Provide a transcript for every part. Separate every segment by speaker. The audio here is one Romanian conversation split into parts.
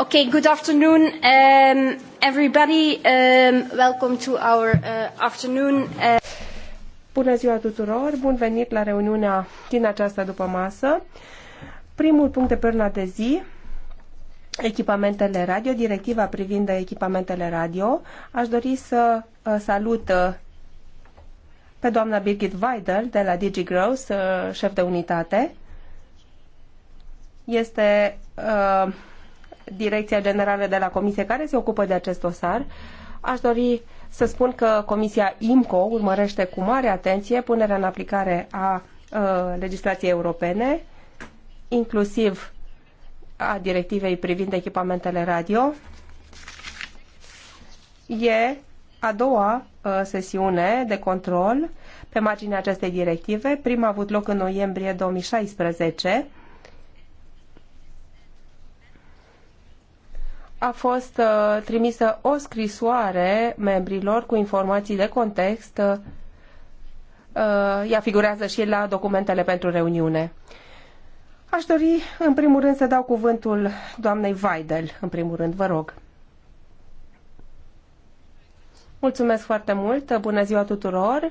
Speaker 1: Okay, good afternoon, um, everybody. Um, welcome to our uh, afternoon. Uh... Bună ziua tuturor, bun venit la reuniunea din această după masă. Primul punct de perna de zi, echipamentele radio, directiva privind echipamentele radio. Aș dori să uh, salut uh, pe doamna Birgit Weidel de la DigiGrows, uh, șef de unitate. Este uh, Direcția Generală de la Comisie care se ocupă de acest dosar. Aș dori să spun că Comisia IMCO urmărește cu mare atenție punerea în aplicare a uh, legislației europene, inclusiv a directivei privind echipamentele radio. E a doua uh, sesiune de control pe marginea acestei directive. Prima a avut loc în noiembrie 2016 a fost uh, trimisă o scrisoare membrilor cu informații de context. Uh, ea figurează și la documentele pentru reuniune. Aș dori, în primul rând, să dau cuvântul doamnei Weidel. În primul rând, vă rog. Mulțumesc foarte mult, bună ziua tuturor.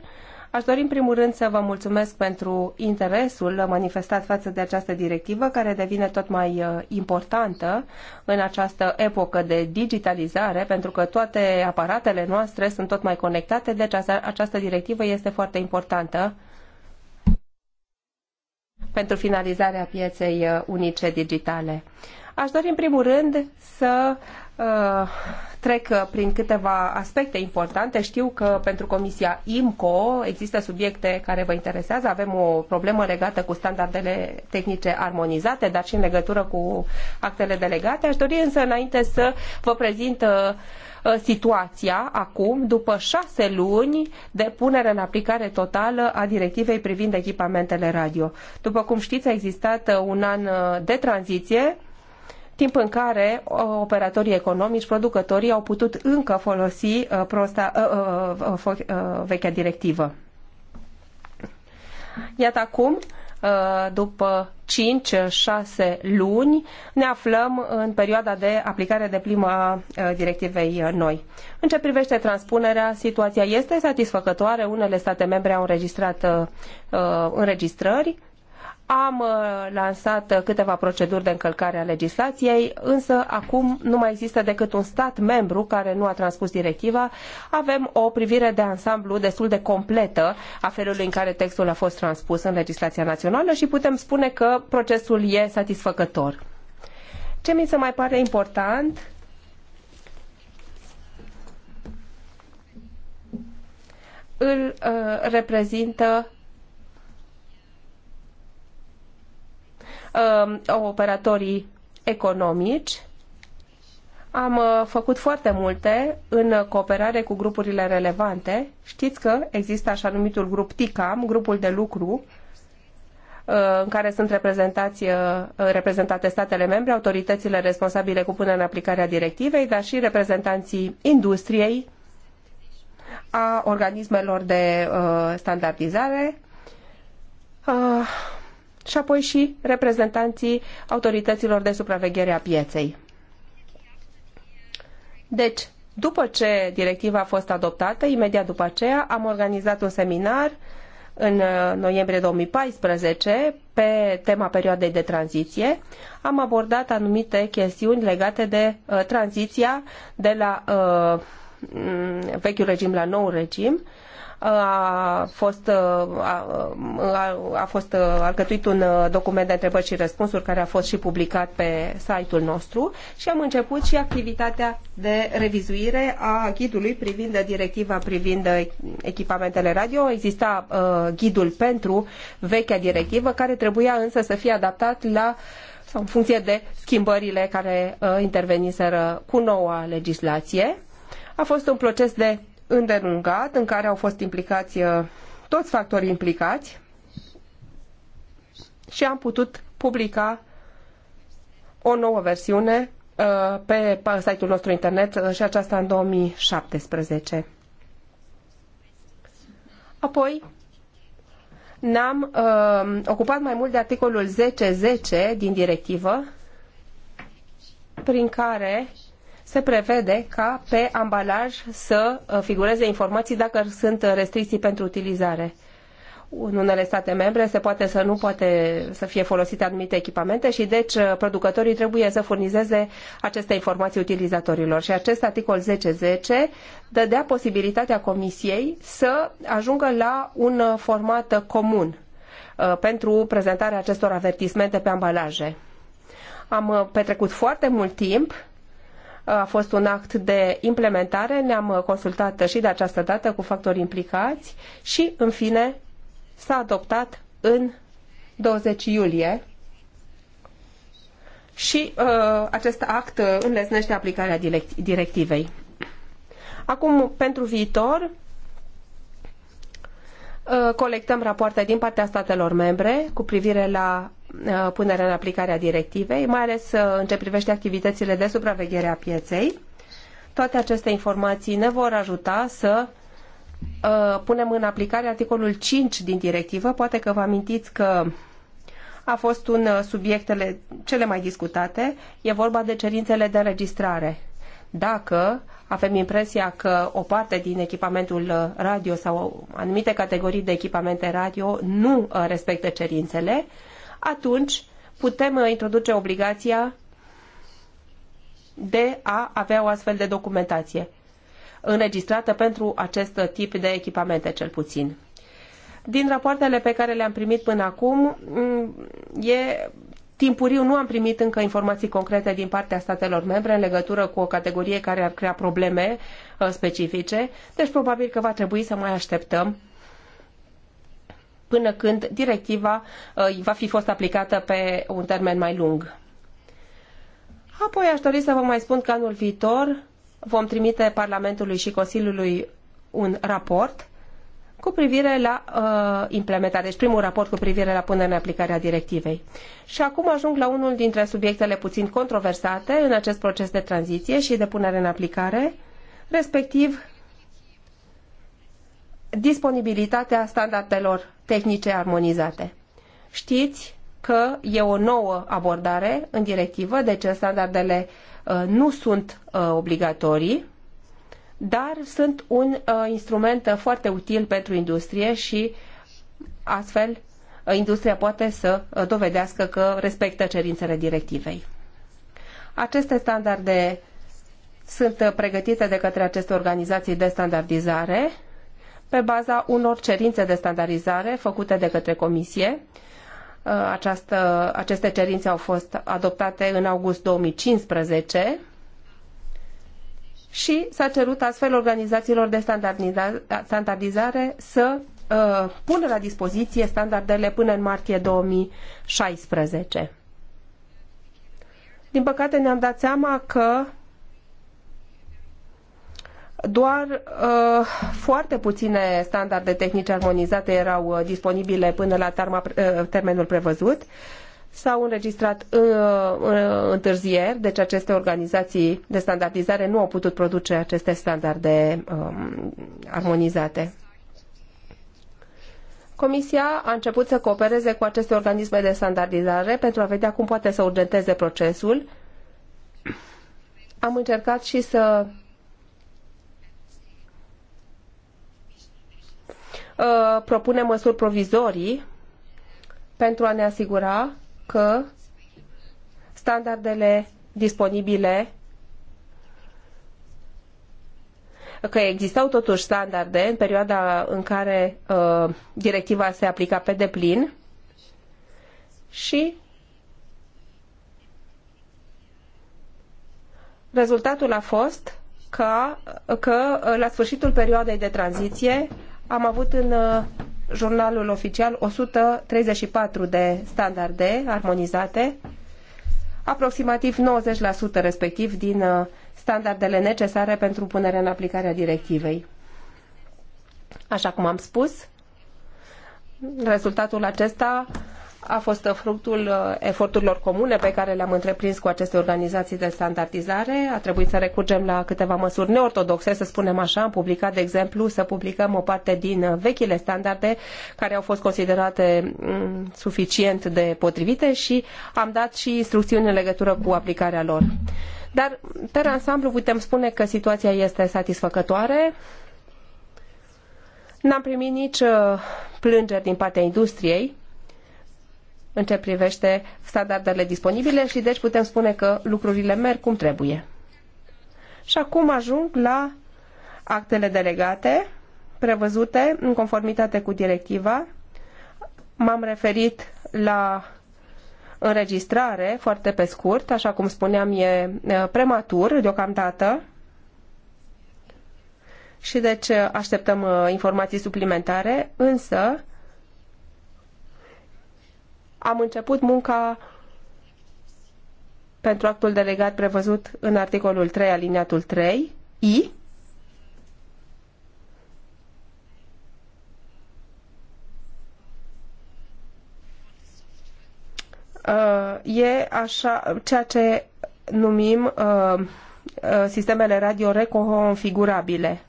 Speaker 1: Aș dori în primul rând să vă mulțumesc pentru interesul manifestat față de această directivă care devine tot mai uh, importantă în această epocă de digitalizare pentru că toate aparatele noastre sunt tot mai conectate, deci această directivă este foarte importantă pentru finalizarea pieței uh, unice digitale. Aș dori în primul rând să Uh, trec uh, prin câteva aspecte importante. Știu că pentru Comisia IMCO există subiecte care vă interesează. Avem o problemă legată cu standardele tehnice armonizate, dar și în legătură cu actele delegate. Aș dori însă înainte să vă prezint uh, situația acum, după șase luni de punere în aplicare totală a directivei privind echipamentele radio. După cum știți, a existat un an de tranziție timp în care uh, operatorii economici, producătorii au putut încă folosi uh, prosta, uh, vechea directivă. Iată acum, după 5-6 luni, ne aflăm în perioada de aplicare de prima directivei noi. În ce privește transpunerea, situația este satisfăcătoare. Unele state membre au înregistrat înregistrări am uh, lansat uh, câteva proceduri de încălcare a legislației, însă acum nu mai există decât un stat membru care nu a transpus directiva. Avem o privire de ansamblu destul de completă a felului în care textul a fost transpus în legislația națională și putem spune că procesul e satisfăcător. Ce mi se mai pare important îl uh, reprezintă Um, operatorii economici. Am uh, făcut foarte multe în cooperare cu grupurile relevante. Știți că există așa numitul grup TICAM, grupul de lucru, uh, în care sunt reprezentați, uh, reprezentate statele membre, autoritățile responsabile cu punerea în aplicare a directivei, dar și reprezentanții industriei, a organismelor de standardizare, și apoi și reprezentanții autorităților de supraveghere a pieței. Deci, după ce directiva a fost adoptată, imediat după aceea am organizat un seminar în uh, noiembrie 2014 pe tema perioadei de tranziție. Am abordat anumite chestiuni legate de uh, tranziția de la uh, mm, vechiul regim la nou regim a fost, a, a fost alcătuit un document de întrebări și răspunsuri care a fost și publicat pe site-ul nostru și am început și activitatea de revizuire a ghidului privind directiva privind echipamentele radio. Exista uh, ghidul pentru vechea directivă care trebuia însă să fie adaptat la sau în funcție de schimbările care uh, interveniseră cu noua legislație. A fost un proces de îndelungat în care au fost implicați uh, toți factorii implicați și am putut publica o nouă versiune uh, pe site-ul nostru internet uh, și aceasta în 2017. Apoi ne-am uh, ocupat mai mult de articolul 10.10 .10 din directivă prin care se prevede ca pe ambalaj să uh, figureze informații dacă sunt restricții pentru utilizare. În unele state membre se poate să nu poate să fie folosite anumite echipamente și deci uh, producătorii trebuie să furnizeze aceste informații utilizatorilor. Și acest articol 1010 dădea posibilitatea Comisiei să ajungă la un uh, format comun pentru prezentarea acestor avertismente pe ambalaje. Am petrecut foarte mult timp a fost un act de implementare, ne-am consultat și de această dată cu factorii implicați și, în fine, s-a adoptat în 20 iulie și uh, acest act înlesnește aplicarea direct directivei. Acum, pentru viitor, uh, colectăm rapoarte din partea statelor membre cu privire la Uh, punerea în aplicare a directivei, mai ales uh, în ce privește activitățile de supraveghere a pieței. Toate aceste informații ne vor ajuta să uh, punem în aplicare articolul 5 din directivă. Poate că vă amintiți că a fost un subiectele cele mai discutate. E vorba de cerințele de înregistrare. Dacă avem impresia că o parte din echipamentul radio sau anumite categorii de echipamente radio nu respectă cerințele, uh, atunci putem uh, introduce obligația de a avea o astfel de documentație înregistrată pentru acest tip de echipamente, cel puțin. Din rapoartele pe care le-am primit până acum, mm, e timpuriu nu am primit încă informații concrete din partea statelor membre în legătură cu o categorie care ar crea probleme uh, specifice, deci probabil că va trebui să mai așteptăm până când directiva uh, va fi fost aplicată pe un termen mai lung. Apoi aș dori să vă mai spun că anul viitor vom trimite Parlamentului și Consiliului un raport cu privire la uh, implementare. Deci primul raport cu privire la punerea în aplicare a directivei. Și acum ajung la unul dintre subiectele puțin controversate în acest proces de tranziție și de punere în aplicare, respectiv disponibilitatea standardelor tehnice armonizate. Știți că e o nouă abordare în directivă, deci standardele uh, nu sunt uh, obligatorii, dar sunt un uh, instrument foarte util pentru industrie și astfel industria poate să dovedească că respectă cerințele directivei. Aceste standarde sunt pregătite de către aceste organizații de standardizare pe baza unor cerințe de standardizare făcute de către Comisie. Uh, această, aceste cerințe au fost adoptate în august 2015 și s-a cerut astfel organizațiilor de standardizare să uh, pună la dispoziție standardele până în martie 2016. Din păcate ne-am dat seama că doar uh, foarte puține standarde tehnice armonizate erau uh, disponibile până la tarma, uh, termenul prevăzut. S-au înregistrat uh, uh, întârzieri, deci aceste organizații de standardizare nu au putut produce aceste standarde um, armonizate. Comisia a început să coopereze cu aceste organisme de standardizare pentru a vedea cum poate să urgenteze procesul. Am încercat și să Uh, propune măsuri provizorii pentru a ne asigura că standardele disponibile că existau totuși standarde în perioada în care uh, directiva se aplica pe deplin și rezultatul a fost ca, că la sfârșitul perioadei de tranziție am avut în uh, jurnalul oficial 134 de standarde armonizate, aproximativ 90% respectiv din uh, standardele necesare pentru punerea în aplicare a directivei. Așa cum am spus, rezultatul acesta a fost fructul uh, eforturilor comune pe care le-am întreprins cu aceste organizații de standardizare. A trebuit să recurgem la câteva măsuri neortodoxe, să spunem așa. Am publicat, de exemplu, să publicăm o parte din uh, vechile standarde care au fost considerate mm, suficient de potrivite și am dat și instrucțiuni în legătură cu aplicarea lor. Dar, pe ansamblu, putem spune că situația este satisfăcătoare. N-am primit nici uh, plângeri din partea industriei în ce privește standardele disponibile și deci putem spune că lucrurile merg cum trebuie. Și acum ajung la actele delegate prevăzute în conformitate cu directiva. M-am referit la înregistrare foarte pe scurt, așa cum spuneam, e prematur deocamdată și deci așteptăm uh, informații suplimentare, însă am început munca pentru actul delegat prevăzut în articolul 3, aliniatul 3, I, uh, e așa ceea ce numim uh, uh sistemele radio reconfigurabile.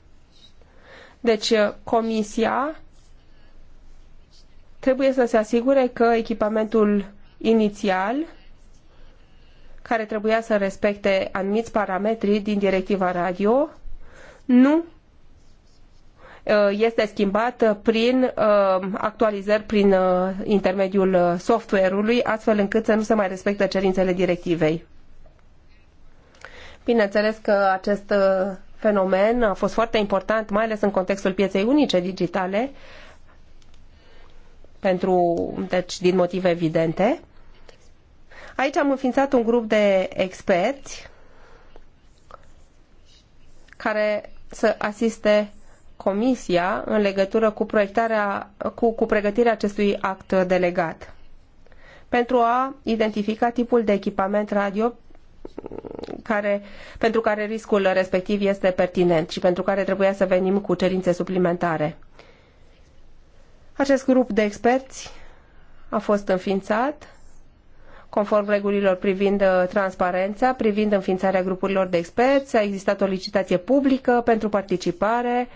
Speaker 1: Deci uh, comisia trebuie să se asigure că echipamentul inițial, care trebuia să respecte anumiți parametri din directiva radio, nu uh, este schimbat prin uh, actualizări prin uh, intermediul software-ului, astfel încât să nu se mai respecte cerințele directivei. Bineînțeles că acest fenomen a fost foarte important, mai ales în contextul pieței unice digitale, pentru, deci, din motive evidente. Aici am înființat un grup de experți care să asiste Comisia în legătură cu, proiectarea, cu, cu pregătirea acestui act delegat pentru a identifica tipul de echipament radio care, pentru care riscul respectiv este pertinent și pentru care trebuia să venim cu cerințe suplimentare. Acest grup de experți a fost înființat conform regulilor privind uh, transparența, privind înființarea grupurilor de experți, a existat o licitație publică pentru participare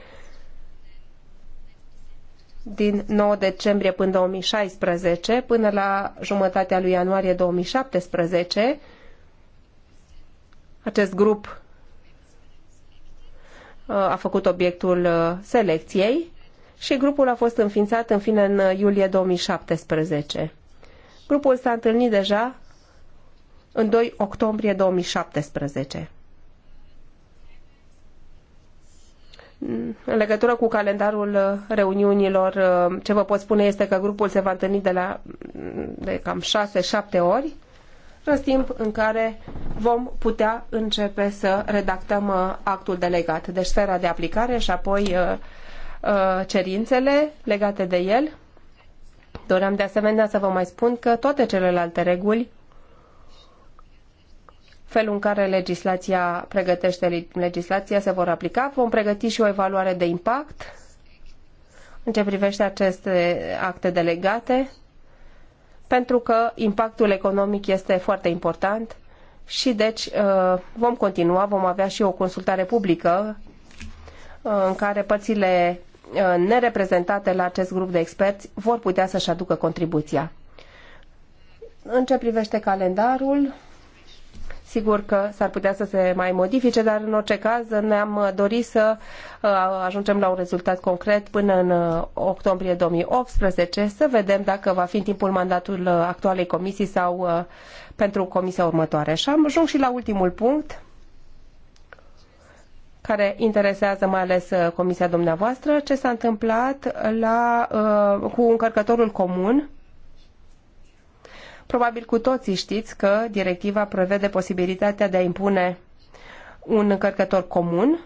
Speaker 1: din 9 decembrie până 2016, până la jumătatea lui ianuarie 2017. Acest grup uh, a făcut obiectul uh, selecției și grupul a fost înființat în fine în uh, iulie 2017. Grupul s-a întâlnit deja în 2 octombrie 2017. În legătură cu calendarul uh, reuniunilor, uh, ce vă pot spune este că grupul se va întâlni de, la, mm, de cam 6-7 ori, în timp în care vom putea începe să redactăm actul delegat, deci sfera de aplicare și apoi Uh, cerințele legate de el. Doream de asemenea să vă mai spun că toate celelalte reguli, felul în care legislația pregătește legislația, se vor aplica. Vom pregăti și o evaluare de impact în ce privește aceste acte delegate, pentru că impactul economic este foarte important și deci uh, vom continua, vom avea și o consultare publică uh, în care părțile Uh, nereprezentate la acest grup de experți vor putea să-și aducă contribuția. În ce privește calendarul, sigur că s-ar putea să se mai modifice, dar în orice caz ne-am dorit să uh, ajungem la un rezultat concret până în uh, octombrie 2018, să vedem dacă va fi în timpul mandatul actualei comisii sau pentru comisia următoare. Și am ajuns și la ultimul punct, care interesează mai ales uh, comisia dumneavoastră, ce s-a întâmplat la, uh, cu încărcătorul comun. Probabil cu toții știți că directiva prevede posibilitatea de a impune un încărcător comun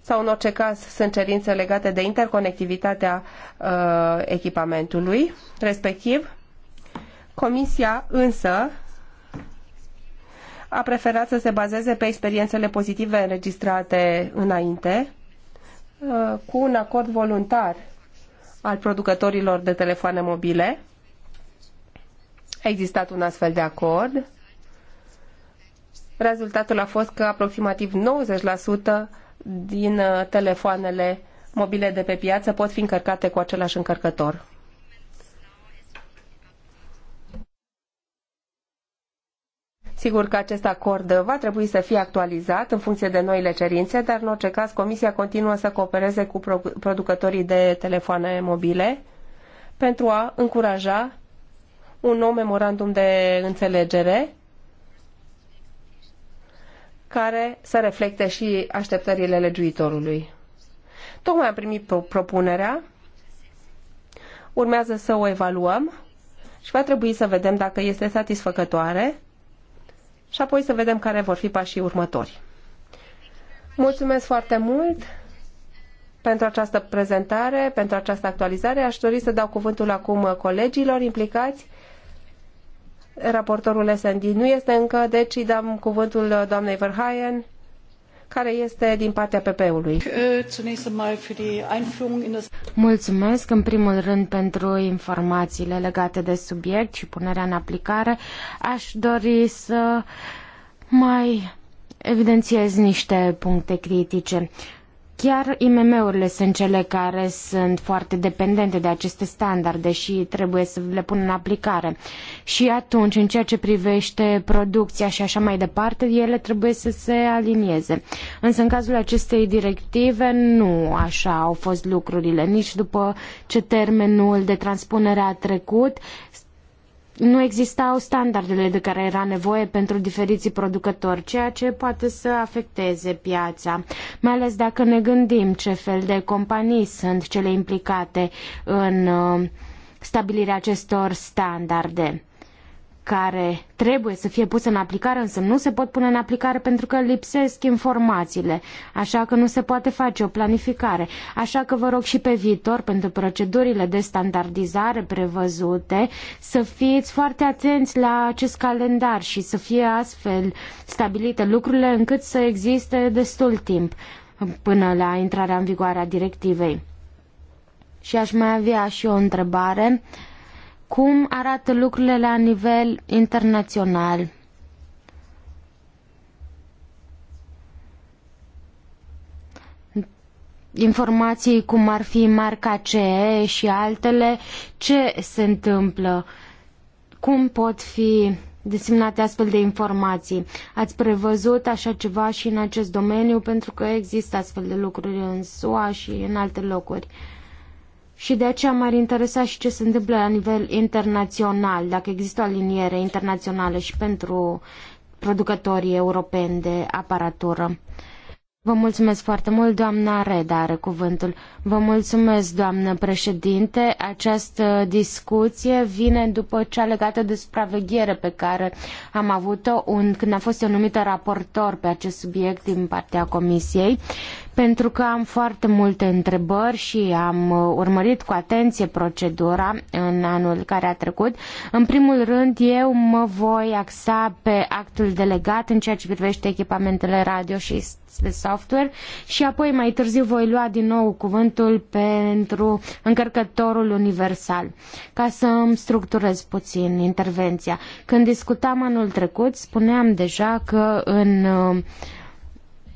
Speaker 1: sau în orice caz sunt cerințe legate de interconectivitatea uh, echipamentului respectiv. Comisia însă a preferat să se bazeze pe experiențele pozitive înregistrate înainte, uh, cu un acord voluntar al producătorilor de telefoane mobile. A existat un astfel de acord. Rezultatul a fost că aproximativ 90% din uh, telefoanele mobile de pe piață pot fi încărcate cu același încărcător. Sigur că acest acord va trebui să fie actualizat în funcție de noile cerințe, dar în orice caz Comisia continuă să coopereze cu producătorii de telefoane mobile pentru a încuraja un nou memorandum de înțelegere care să reflecte și așteptările legiuitorului. Tocmai am primit propunerea, urmează să o evaluăm și va trebui să vedem dacă este satisfăcătoare și apoi să vedem care vor fi pașii următori. Mulțumesc foarte mult pentru această prezentare, pentru această actualizare. Aș dori să dau cuvântul acum colegilor implicați. Raportorul SND nu este încă, deci îi dăm cuvântul doamnei Verhaien care este
Speaker 2: din partea PP-ului. Uh,
Speaker 3: Mulțumesc în primul rând pentru informațiile legate de subiect și punerea în aplicare. Aș dori să mai evidențiez niște puncte critice. Chiar IMM-urile sunt cele care sunt foarte dependente de aceste standarde și trebuie să le pună în aplicare. Și atunci, în ceea ce privește producția și așa mai departe, ele trebuie să se alinieze. Însă, în cazul acestei directive, nu așa au fost lucrurile. Nici după ce termenul de transpunere a trecut, nu existau standardele de care era nevoie pentru diferiții producători, ceea ce poate să afecteze piața, mai ales dacă ne gândim ce fel de companii sunt cele implicate în uh, stabilirea acestor standarde care trebuie să fie puse în aplicare, însă nu se pot pune în aplicare pentru că lipsesc informațiile, așa că nu se poate face o planificare. Așa că vă rog și pe viitor, pentru procedurile de standardizare prevăzute, să fiți foarte atenți la acest calendar și să fie astfel stabilite lucrurile încât să existe destul timp până la intrarea în vigoare a directivei. Și aș mai avea și o întrebare. Uh, cum arată lucrurile la nivel internațional. Informații cum ar fi marca CE și altele, ce se întâmplă, cum pot fi desemnate astfel de informații. Ați prevăzut așa ceva și în acest domeniu pentru că există astfel de lucruri în SUA și în alte locuri. Uh, și de aceea m-ar interesa și ce se întâmplă la nivel internațional, dacă există o aliniere internațională și pentru producătorii europeni de aparatură. Vă mulțumesc foarte mult, doamna Reda are cuvântul. Vă mulțumesc, doamnă președinte. Această discuție vine după cea legată de supraveghere pe care am avut-o când a fost eu numită raportor pe acest subiect din partea Comisiei pentru că am foarte multe întrebări și am uh, urmărit cu atenție procedura în anul care a trecut. În primul rând, eu mă voi axa pe actul delegat în ceea ce privește echipamentele radio și de software și apoi mai târziu voi lua din nou cuvântul pentru încărcătorul universal, ca să îmi structurez puțin intervenția. Când discutam anul trecut, spuneam deja că în uh,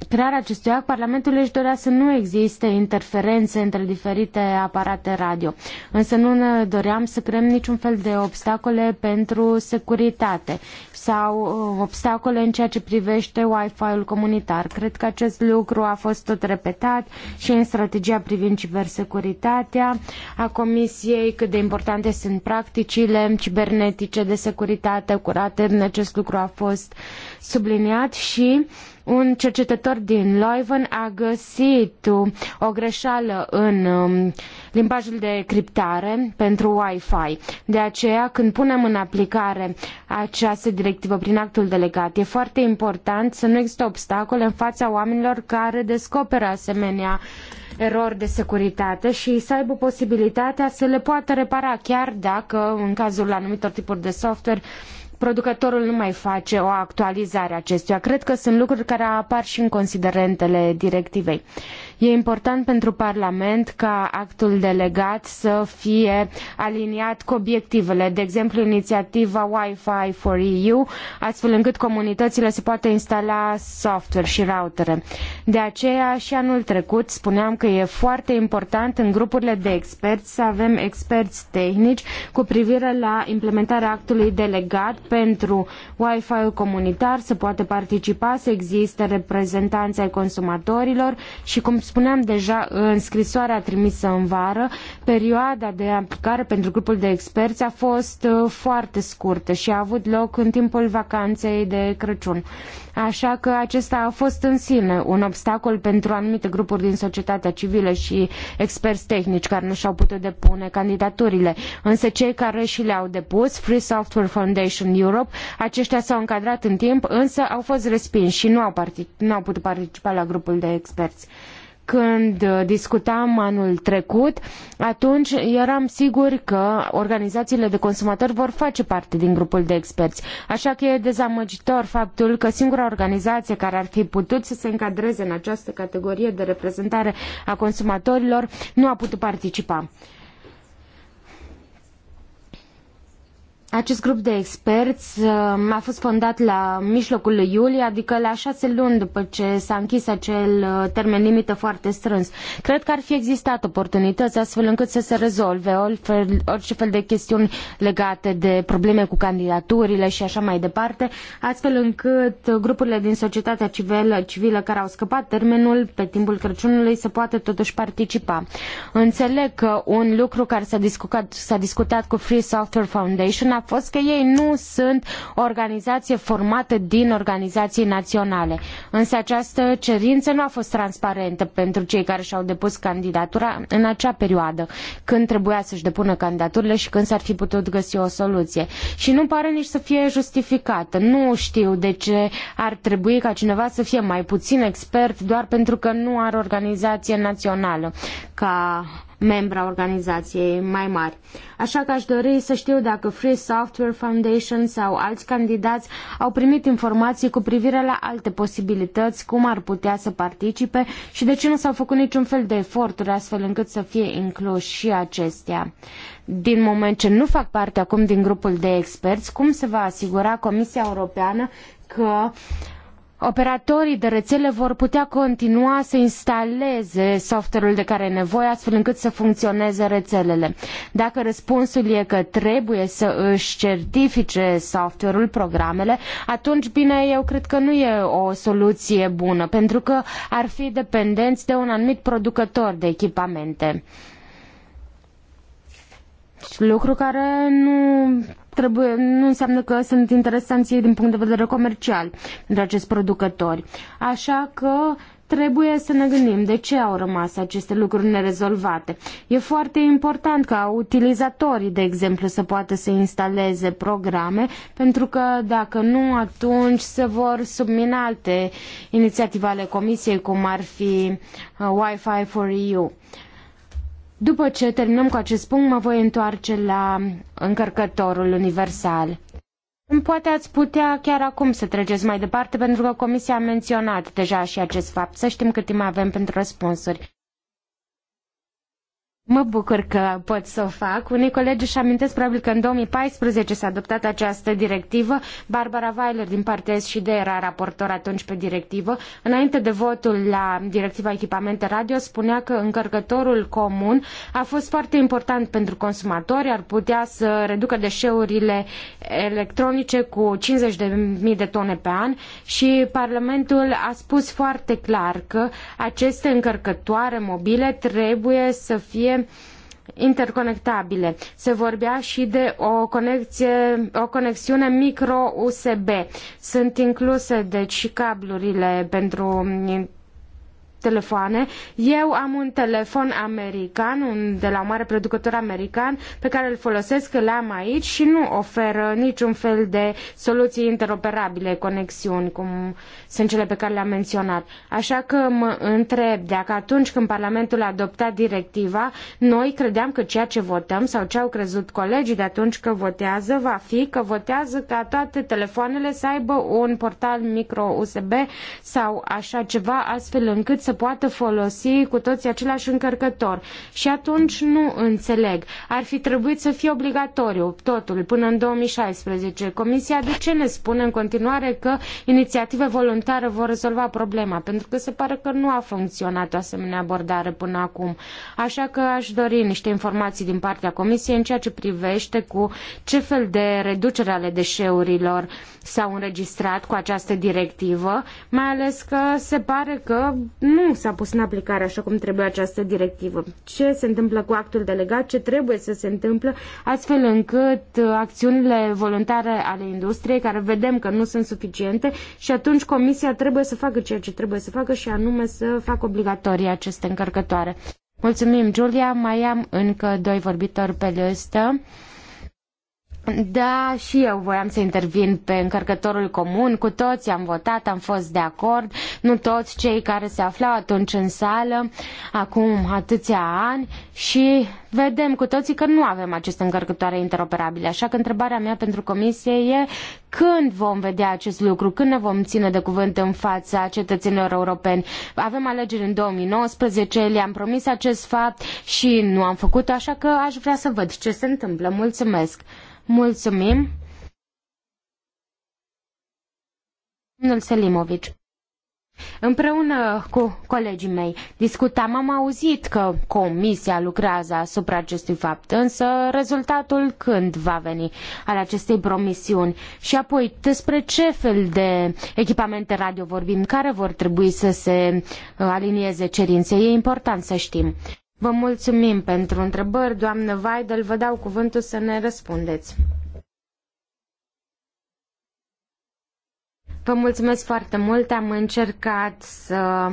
Speaker 3: crearea acestui act, Parlamentul își dorea să nu existe interferențe între diferite aparate radio, însă nu ne doream să creăm niciun fel de obstacole pentru securitate sau uh, obstacole în ceea ce privește Wi-Fi-ul comunitar. Cred că acest lucru a fost tot repetat și în strategia privind cibersecuritatea a Comisiei, cât de importante sunt practicile cibernetice de securitate curate, acest lucru a fost uh, subliniat și un cercetător din Leuven a găsit o greșeală în um, limbajul de criptare pentru Wi-Fi. De aceea, când punem în aplicare această directivă prin actul delegat, e foarte important să nu există obstacole în fața oamenilor care descoperă asemenea erori de securitate și să aibă posibilitatea să le poată repara chiar dacă, în cazul anumitor tipuri de software, producătorul nu mai face o actualizare a acestuia. Cred că sunt lucruri care apar și în considerentele directivei. E important pentru Parlament ca actul delegat să fie aliniat cu obiectivele, de exemplu inițiativa Wi-Fi for EU, astfel încât comunitățile se poată instala software și routere. De aceea și anul trecut spuneam că e foarte important în grupurile de experți să avem experți tehnici cu privire la implementarea actului delegat pentru Wi-Fi-ul comunitar, să poată participa, să existe reprezentanți ai consumatorilor și cum spuneam deja în scrisoarea trimisă în vară, perioada de aplicare pentru grupul de experți a fost uh, foarte scurtă și a avut loc în timpul vacanței de Crăciun. Așa că acesta a fost în sine un obstacol pentru anumite grupuri din societatea civilă și experți tehnici care nu și-au putut depune candidaturile. Însă cei care și le-au depus, Free Software Foundation Europe, aceștia s-au încadrat în timp, însă au fost respinși și nu au, nu au putut participa la grupul de experți. Când uh, discutam anul trecut, atunci eram sigur că organizațiile de consumatori vor face parte din grupul de experți. Așa că e dezamăgitor faptul că singura organizație care ar fi putut să se încadreze în această categorie de reprezentare a consumatorilor nu a putut participa. Acest grup de experți uh, a fost fondat la mijlocul lui iulie, adică la șase luni după ce s-a închis acel uh, termen limită foarte strâns. Cred că ar fi existat oportunități astfel încât să se rezolve orice fel de chestiuni legate de probleme cu candidaturile și așa mai departe, astfel încât grupurile din societatea civilă, civilă care au scăpat termenul pe timpul Crăciunului să poată totuși participa. Înțeleg că un lucru care s-a discutat, discutat, cu Free Software Foundation a fost că ei nu sunt o organizație formată din organizații naționale. Însă această cerință nu a fost transparentă pentru cei care și-au depus candidatura în acea perioadă, când trebuia să-și depună candidaturile și când s-ar fi putut găsi o soluție. Și nu pare nici să fie justificată. Nu știu de ce ar trebui ca cineva să fie mai puțin expert doar pentru că nu are organizație națională ca membra organizației mai mari. Așa că aș dori să știu dacă Free Software Foundation sau alți candidați au primit informații cu privire la alte posibilități, cum ar putea să participe și de ce nu s-au făcut niciun fel de eforturi astfel încât să fie incluși și acestea. Din moment ce nu fac parte acum din grupul de experți, cum se va asigura Comisia Europeană că uh, Operatorii de rețele vor putea continua să instaleze software-ul de care e nevoie astfel încât să funcționeze rețelele. Dacă răspunsul e că trebuie să își certifice software-ul, programele, atunci bine, eu cred că nu e o soluție bună, pentru că ar fi dependenți de un anumit producător de echipamente lucru care nu, trebuie, nu înseamnă că sunt interesanții din punct de vedere comercial pentru acești producători. Așa că trebuie să ne gândim de ce au rămas aceste lucruri nerezolvate. E foarte important ca utilizatorii, de exemplu, să poată să instaleze programe, pentru că dacă nu, atunci se vor submina alte inițiative ale Comisiei, cum ar fi uh, Wi-Fi for EU. După ce terminăm cu acest punct, mă voi întoarce la încărcătorul universal. Poate ați putea chiar acum să treceți mai departe, pentru că Comisia a menționat deja și acest fapt. Să știm cât timp avem pentru răspunsuri. Mă bucur că pot să o fac. Unii colegi își amintesc probabil că în 2014 s-a adoptat această directivă. Barbara Weiler din partea SCD era raportor atunci pe directivă. Înainte de votul la directiva echipamente radio spunea că încărcătorul comun a fost foarte important pentru consumatori, ar putea să reducă deșeurile electronice cu 50.000 de tone pe an și Parlamentul a spus foarte clar că aceste încărcătoare mobile trebuie să fie interconectabile. Se vorbea și de o, conexie, o conexiune micro-USB. Sunt incluse deci și cablurile pentru telefoane. Eu am un telefon american, un, de la un mare producător american, pe care îl folosesc, îl am aici și nu oferă niciun fel de soluții interoperabile, conexiuni, cum sunt cele pe care le-am menționat. Așa că mă întreb dacă atunci când Parlamentul a adoptat directiva, noi credeam că ceea ce votăm sau ce au crezut colegii de atunci că votează va fi că votează ca toate telefoanele să aibă un portal micro USB sau așa ceva, astfel încât să poată folosi cu toții același încărcător. Și atunci nu înțeleg. Ar fi trebuit să fie obligatoriu totul până în 2016. Comisia de ce ne spune în continuare că inițiative voluntare vor rezolva problema? Pentru că se pare că nu a funcționat o asemenea abordare până acum. Așa că aș dori niște informații din partea Comisiei în ceea ce privește cu ce fel de reducere ale deșeurilor uh, s-au înregistrat cu această directivă, mai ales că se pare că nu s-a pus în aplicare așa cum trebuie această directivă. Ce se întâmplă cu actul delegat, ce trebuie să se întâmplă, astfel încât uh, acțiunile voluntare ale industriei, care vedem că nu sunt suficiente, și atunci Comisia trebuie să facă ceea ce trebuie să facă și anume să facă obligatorii aceste încărcătoare. Mulțumim, Julia. Mai am încă doi vorbitori pe listă. Da, și eu voiam să intervin pe încărcătorul comun. Cu toți am votat, am fost de acord. Nu toți cei care se aflau atunci în sală, acum atâția ani, și vedem cu toții că nu avem aceste încărcătoare interoperabile. Așa că întrebarea mea pentru comisie e când vom vedea acest lucru, când ne vom ține de cuvânt în fața cetățenilor europeni. Avem alegeri în 2019, le-am promis acest fapt și nu am făcut-o, așa că aș vrea să văd ce se întâmplă. Mulțumesc! Mulțumim. Domnul Selimovici. Împreună cu colegii mei discutam, am auzit că comisia lucrează asupra acestui fapt, însă rezultatul când va veni al acestei promisiuni și apoi despre ce fel de echipamente radio vorbim, care vor trebui să se uh, alinieze cerințe, e important să știm. Vă mulțumim pentru întrebări, doamnă Weidel, vă dau cuvântul să ne răspundeți. Vă mulțumesc foarte mult, am încercat să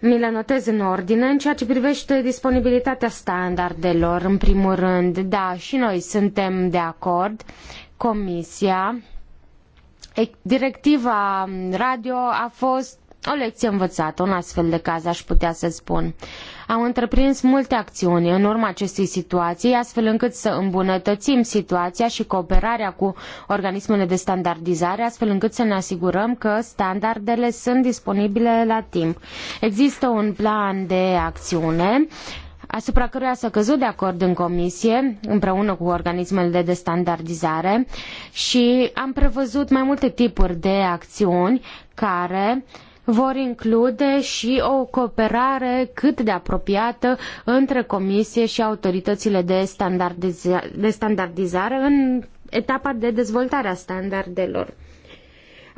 Speaker 3: mi le notez în ordine. În ceea ce privește disponibilitatea standardelor, în primul rând, da, și noi suntem de acord. Comisia, directiva radio a fost o lecție învățată, un astfel de caz aș putea să spun. Am întreprins multe acțiuni în urma acestei situații, astfel încât să îmbunătățim situația și cooperarea cu organismele de standardizare, astfel încât să ne asigurăm că standardele sunt disponibile la timp. Există un plan de acțiune asupra căruia s-a căzut de acord în comisie, împreună cu organismele de standardizare, și am prevăzut mai multe tipuri de acțiuni care uh, vor include și o cooperare cât de apropiată între Comisie și autoritățile de, standardiza de standardizare în etapa de dezvoltare a standardelor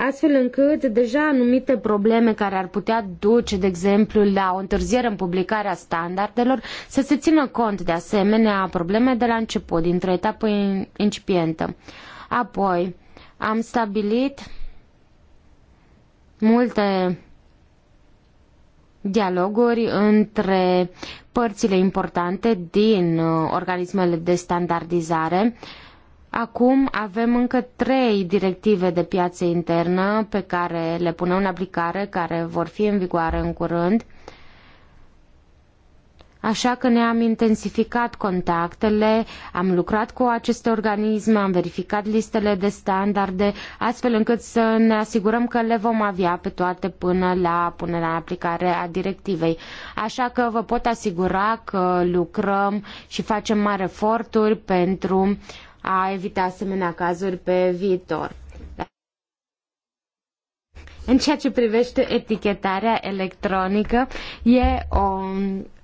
Speaker 3: astfel încât deja anumite probleme care ar putea duce, de exemplu, la o întârziere în publicarea standardelor, să se țină cont de asemenea probleme de la început, dintr-o etapă incipientă. Apoi, am stabilit multe dialoguri între părțile importante din uh, organismele de standardizare. Acum avem încă trei directive de piață internă pe care le punem în aplicare, care vor fi în vigoare în curând. Uh, Așa că ne-am intensificat contactele, am lucrat cu aceste organisme, am verificat listele de standarde, astfel încât să ne asigurăm că le vom avea pe toate până la punerea în aplicare a directivei. Așa că vă pot asigura că lucrăm și facem mari eforturi pentru a evita asemenea cazuri pe viitor. În ceea ce privește etichetarea electronică, e o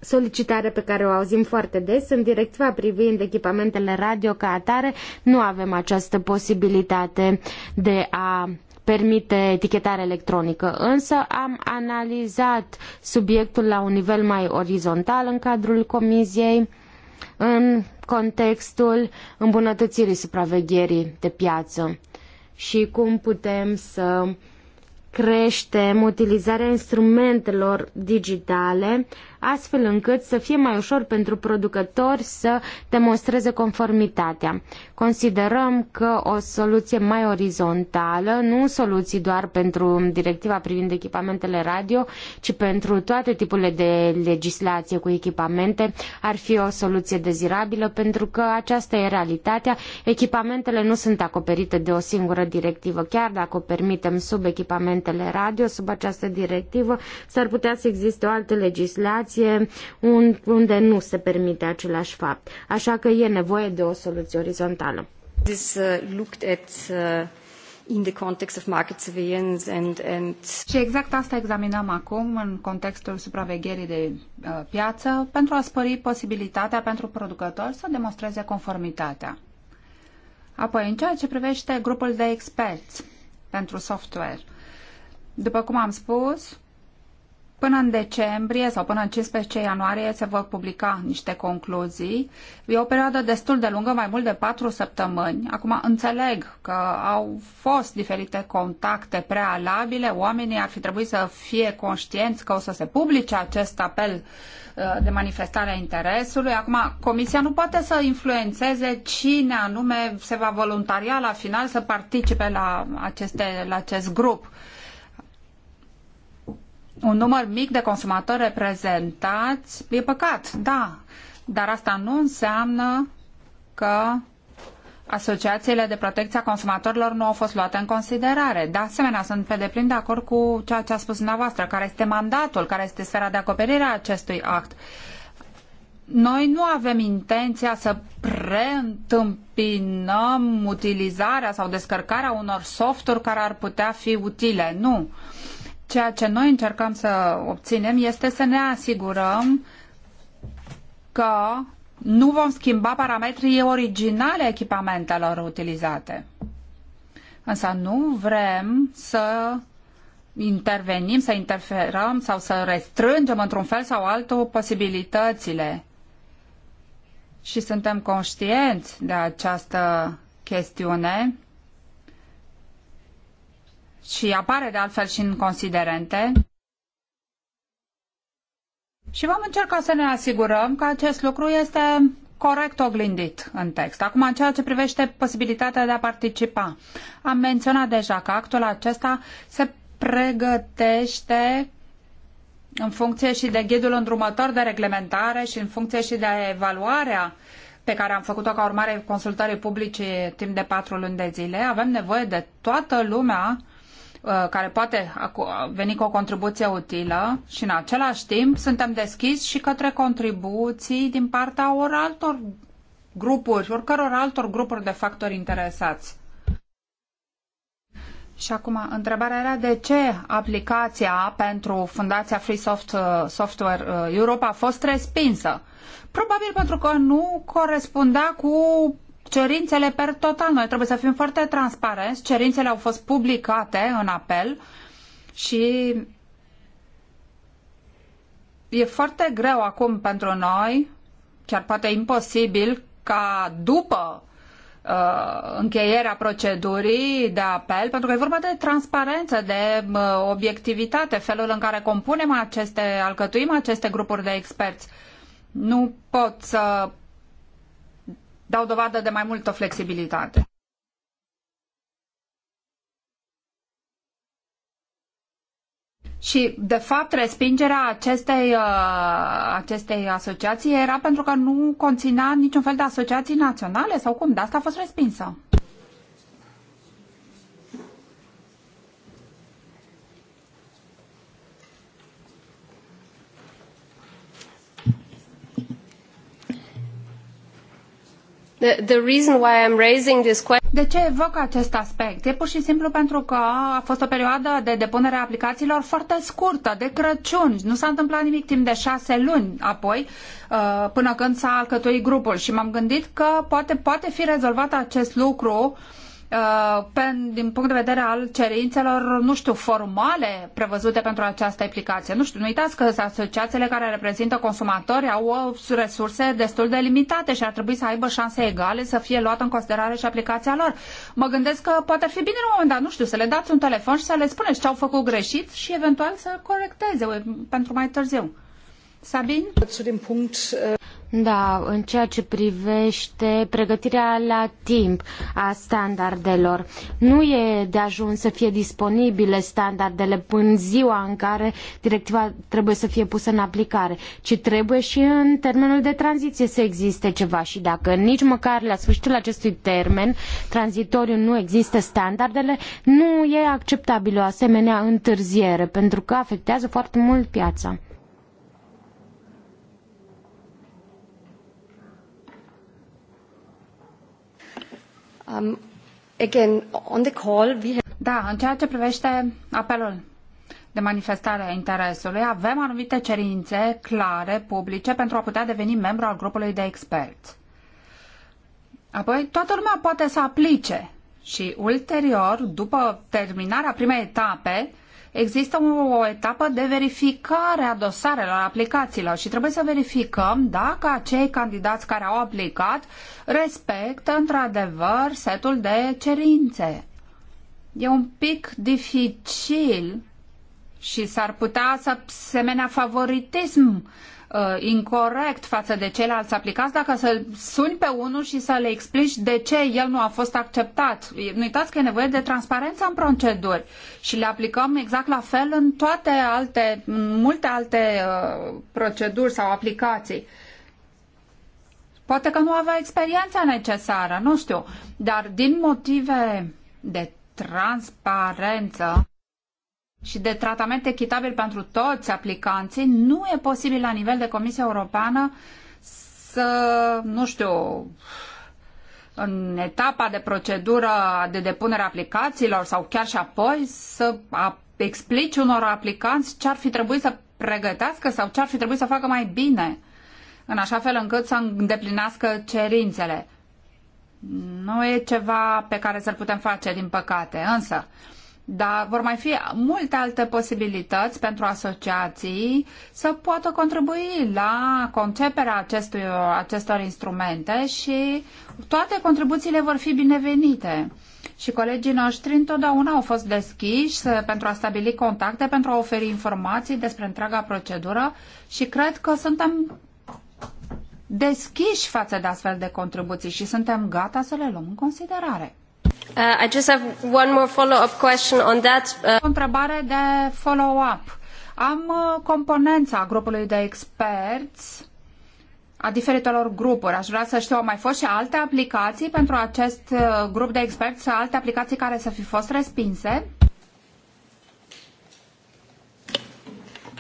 Speaker 3: solicitare pe care o auzim foarte des. În directiva privind echipamentele radio ca atare, nu avem această posibilitate de a permite etichetare electronică, însă am analizat subiectul la un nivel mai orizontal în cadrul comisiei în contextul îmbunătățirii supravegherii de piață și cum putem să uh, creștem utilizarea instrumentelor digitale, astfel încât să fie mai ușor pentru producători să demonstreze conformitatea. Considerăm că o soluție mai orizontală, nu soluții doar pentru directiva privind echipamentele radio, ci pentru toate tipurile de legislație cu echipamente, ar fi o soluție dezirabilă pentru că aceasta e realitatea. Echipamentele nu sunt acoperite de o singură directivă, chiar dacă o permitem sub echipamente frecventele radio sub această directivă, s-ar putea să existe o altă legislație unde nu se permite același fapt. Așa că e nevoie de o soluție orizontală. This, uh, looked at, uh in the context of market surveillance and, and...
Speaker 4: Și exact asta examinăm acum în contextul supravegherii de uh, piață pentru a spări posibilitatea pentru producători să demonstreze conformitatea. Apoi, în ceea ce privește grupul de experți pentru software, după cum am spus, Până în decembrie sau până în 15 ianuarie se vor publica niște concluzii. E o perioadă destul de lungă, mai mult de patru săptămâni. Acum înțeleg că au fost diferite contacte prealabile, oamenii ar fi trebuit să fie conștienți că o să se publice acest apel uh, de manifestare a interesului. Acum, Comisia nu poate să influențeze cine anume se va voluntaria la final să participe la, aceste, la acest grup. Uh, un număr mic de consumatori reprezentați, e păcat, da, dar asta nu înseamnă că asociațiile de protecție a consumatorilor nu au fost luate în considerare. De asemenea, sunt pe deplin de acord cu ceea ce a spus dumneavoastră, care este mandatul, care este sfera de acoperire a acestui act. Noi nu avem intenția să preîntâmpinăm utilizarea sau descărcarea unor softuri care ar putea fi utile. Nu. Uh, Ceea ce noi încercăm să obținem este să ne asigurăm că nu vom schimba parametrii originale echipamentelor utilizate. Însă nu vrem să intervenim, să interferăm sau să restrângem într-un fel sau altul posibilitățile. Și suntem conștienți de această chestiune și apare de altfel și în considerente. Și vom încerca să ne asigurăm că acest lucru este corect oglindit în text. Acum, în ceea ce privește posibilitatea de a participa, am menționat deja că actul acesta se pregătește în funcție și de ghidul îndrumător de reglementare și în funcție și de evaluarea pe care am făcut-o ca urmare consultării publice timp de patru luni de zile, avem nevoie de toată lumea Uh, care poate veni cu o contribuție utilă și în același timp suntem deschiși și către contribuții din partea or altor grupuri, oricăror altor grupuri de factori interesați. Și acum, întrebarea era de ce aplicația pentru Fundația Free Soft, uh, Software uh, Europa a fost respinsă. Probabil pentru că nu corespundea cu cerințele per total. Noi trebuie să fim foarte transparenți. Cerințele au fost publicate în apel și e foarte greu acum pentru noi, chiar poate imposibil, ca după uh, încheierea procedurii de apel, pentru că e vorba de transparență, de uh, obiectivitate, felul în care compunem aceste, alcătuim aceste grupuri de experți. Nu pot să dau dovadă de mai multă flexibilitate. Și, de fapt, respingerea acestei, uh, acestei asociații era pentru că nu conținea niciun fel de asociații naționale sau cum? De asta a fost respinsă. De ce evoc acest aspect? E pur și simplu pentru că a fost o perioadă de depunere a aplicațiilor foarte scurtă, de Crăciun. Nu s-a întâmplat nimic timp de șase luni apoi, uh, până când s-a alcătuit grupul. Și m-am gândit că poate, poate fi rezolvat acest lucru uh, Uh, pe, din punct de vedere al cerințelor, nu știu, formale prevăzute pentru această aplicație. Nu știu, nu uitați că asociațiile care reprezintă consumatori au resurse destul de limitate și ar trebui să aibă șanse egale să fie luată în considerare și aplicația lor. Mă gândesc că poate ar fi bine la un moment dat, nu știu, să le dați un telefon și să le spuneți ce au făcut greșit și eventual să corecteze pentru mai
Speaker 3: târziu. Äh, da, în ceea ce privește pregătirea la timp a standardelor. Nu e de ajuns să fie disponibile standardele până ziua în care directiva trebuie să fie pusă în aplicare, ci trebuie și în termenul de tranziție să existe ceva și dacă nici măcar la sfârșitul acestui termen tranzitoriu nu există standardele, nu e acceptabilă o asemenea întârziere pentru că afectează foarte mult piața. Um, again, on the call we have...
Speaker 4: Da, în ceea ce privește apelul de manifestare a interesului, avem anumite cerințe clare, publice, pentru a putea deveni membru al grupului de experți. Apoi, toată lumea poate să aplice și ulterior, după terminarea primei etape, există o etapă de verificare a dosarelor, aplicațiilor și trebuie să verificăm dacă acei candidați care au aplicat respectă într-adevăr setul de cerințe. E un pic dificil și s-ar putea să semenea favoritism uh, incorrect față de ceilalți aplicați dacă să suni pe unul și să le explici de ce el nu a fost acceptat. Nu uitați că e nevoie de transparență în proceduri și le aplicăm exact la fel în toate alte, în multe alte uh, proceduri sau aplicații. Poate că nu avea experiența necesară, nu știu, dar din motive de transparență și de tratament echitabil pentru toți aplicanții, nu e posibil la nivel de Comisia Europeană să, nu știu, în etapa de procedură de depunere a aplicațiilor sau chiar și apoi să explici unor aplicanți ce ar fi trebuit să pregătească sau ce ar fi trebuit să facă mai bine, în așa fel încât să îndeplinească cerințele. Nu e ceva pe care să-l putem face, din păcate, însă dar vor mai fi multe alte posibilități pentru asociații să poată contribui la conceperea acestui, acestor instrumente și toate contribuțiile vor fi binevenite. Și colegii noștri întotdeauna au fost deschiși pentru a stabili contacte, pentru a oferi informații despre întreaga procedură și cred că suntem deschiși față de astfel de contribuții și suntem gata să le luăm în considerare. Uh, I just have one more follow-up question on that. Uh, o întrebare de follow-up. Am uh, componența grupului de experți a diferitelor grupuri. Aș vrea să știu, au mai fost și alte aplicații pentru acest uh, grup de experți, alte aplicații care să fi fost respinse?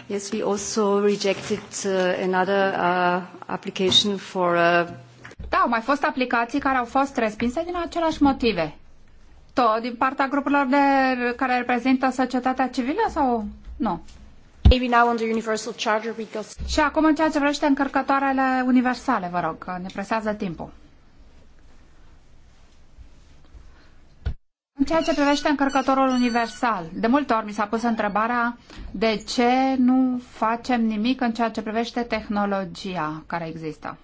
Speaker 4: Yes, we also rejected uh, another uh, application for Da, au mai fost aplicații care au fost respinse din aceleași motive tot din partea grupurilor de, care reprezintă societatea civilă sau nu? Maybe now on the universal charger because... Și acum în ceea ce vrește încărcătoarele universale, vă rog, că ne presează timpul. În ceea ce privește încărcătorul universal, de multe ori mi s-a pus întrebarea de ce nu facem nimic în ceea ce privește tehnologia care există.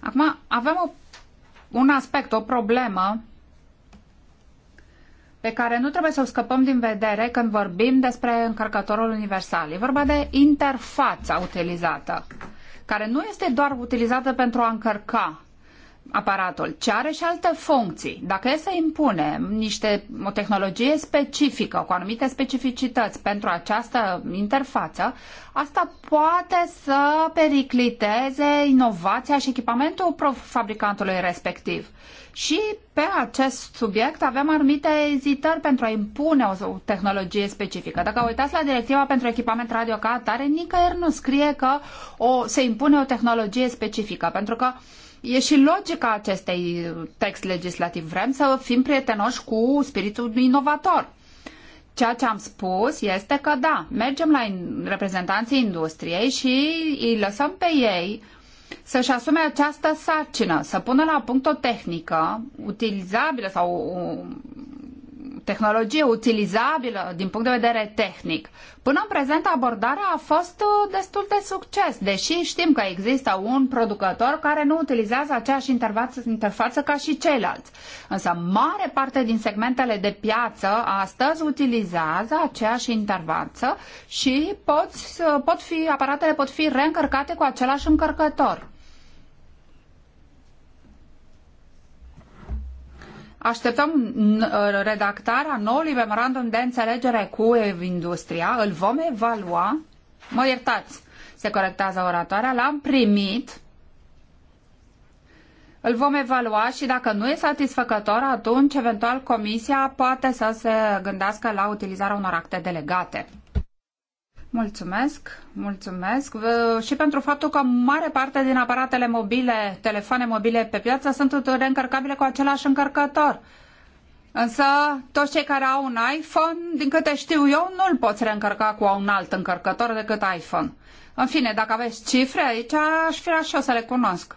Speaker 4: Acum, avem o, un aspect, o problemă pe care nu trebuie să o scăpăm din vedere când vorbim despre încărcătorul universal. E vorba de interfața utilizată, care nu este doar utilizată pentru a încărca aparatul, ci are și alte funcții. Dacă e să impune niște, o tehnologie specifică, cu anumite specificități pentru această interfață, asta poate să pericliteze inovația și echipamentul fabricantului respectiv. Și pe acest subiect avem anumite ezitări pentru a impune o tehnologie specifică. Dacă uitați la directiva pentru echipament radio ca atare, nicăieri nu scrie că o, se impune o tehnologie specifică, pentru că E și logica acestei text legislativ. Vrem să fim prietenoși cu spiritul inovator. Ceea ce am spus este că da, mergem la reprezentanții industriei și îi lăsăm pe ei să-și asume această sarcină, să pună la punct o tehnică utilizabilă sau tehnologie utilizabilă din punct de vedere tehnic. Până în prezent abordarea a fost uh, destul de succes, deși știm că există un producător care nu utilizează aceeași interfață ca și ceilalți. Însă mare parte din segmentele de piață astăzi utilizează aceeași interfață și pot, uh, pot fi, aparatele pot fi reîncărcate cu același încărcător. Așteptăm uh, redactarea noului memorandum de înțelegere cu industria, îl vom evalua. Mă iertați, se corectează oratoarea, l-am primit. Îl vom evalua și dacă nu e satisfăcător, atunci eventual comisia poate să se gândească la utilizarea unor acte delegate. Mulțumesc, mulțumesc Vă, și pentru faptul că mare parte din aparatele mobile, telefoane mobile pe piață sunt reîncărcabile cu același încărcător. Însă toți cei care au un iPhone, din câte știu eu, nu îl poți reîncărca cu un alt încărcător decât iPhone. În fine, dacă aveți cifre aici, aș fi și eu să le cunosc.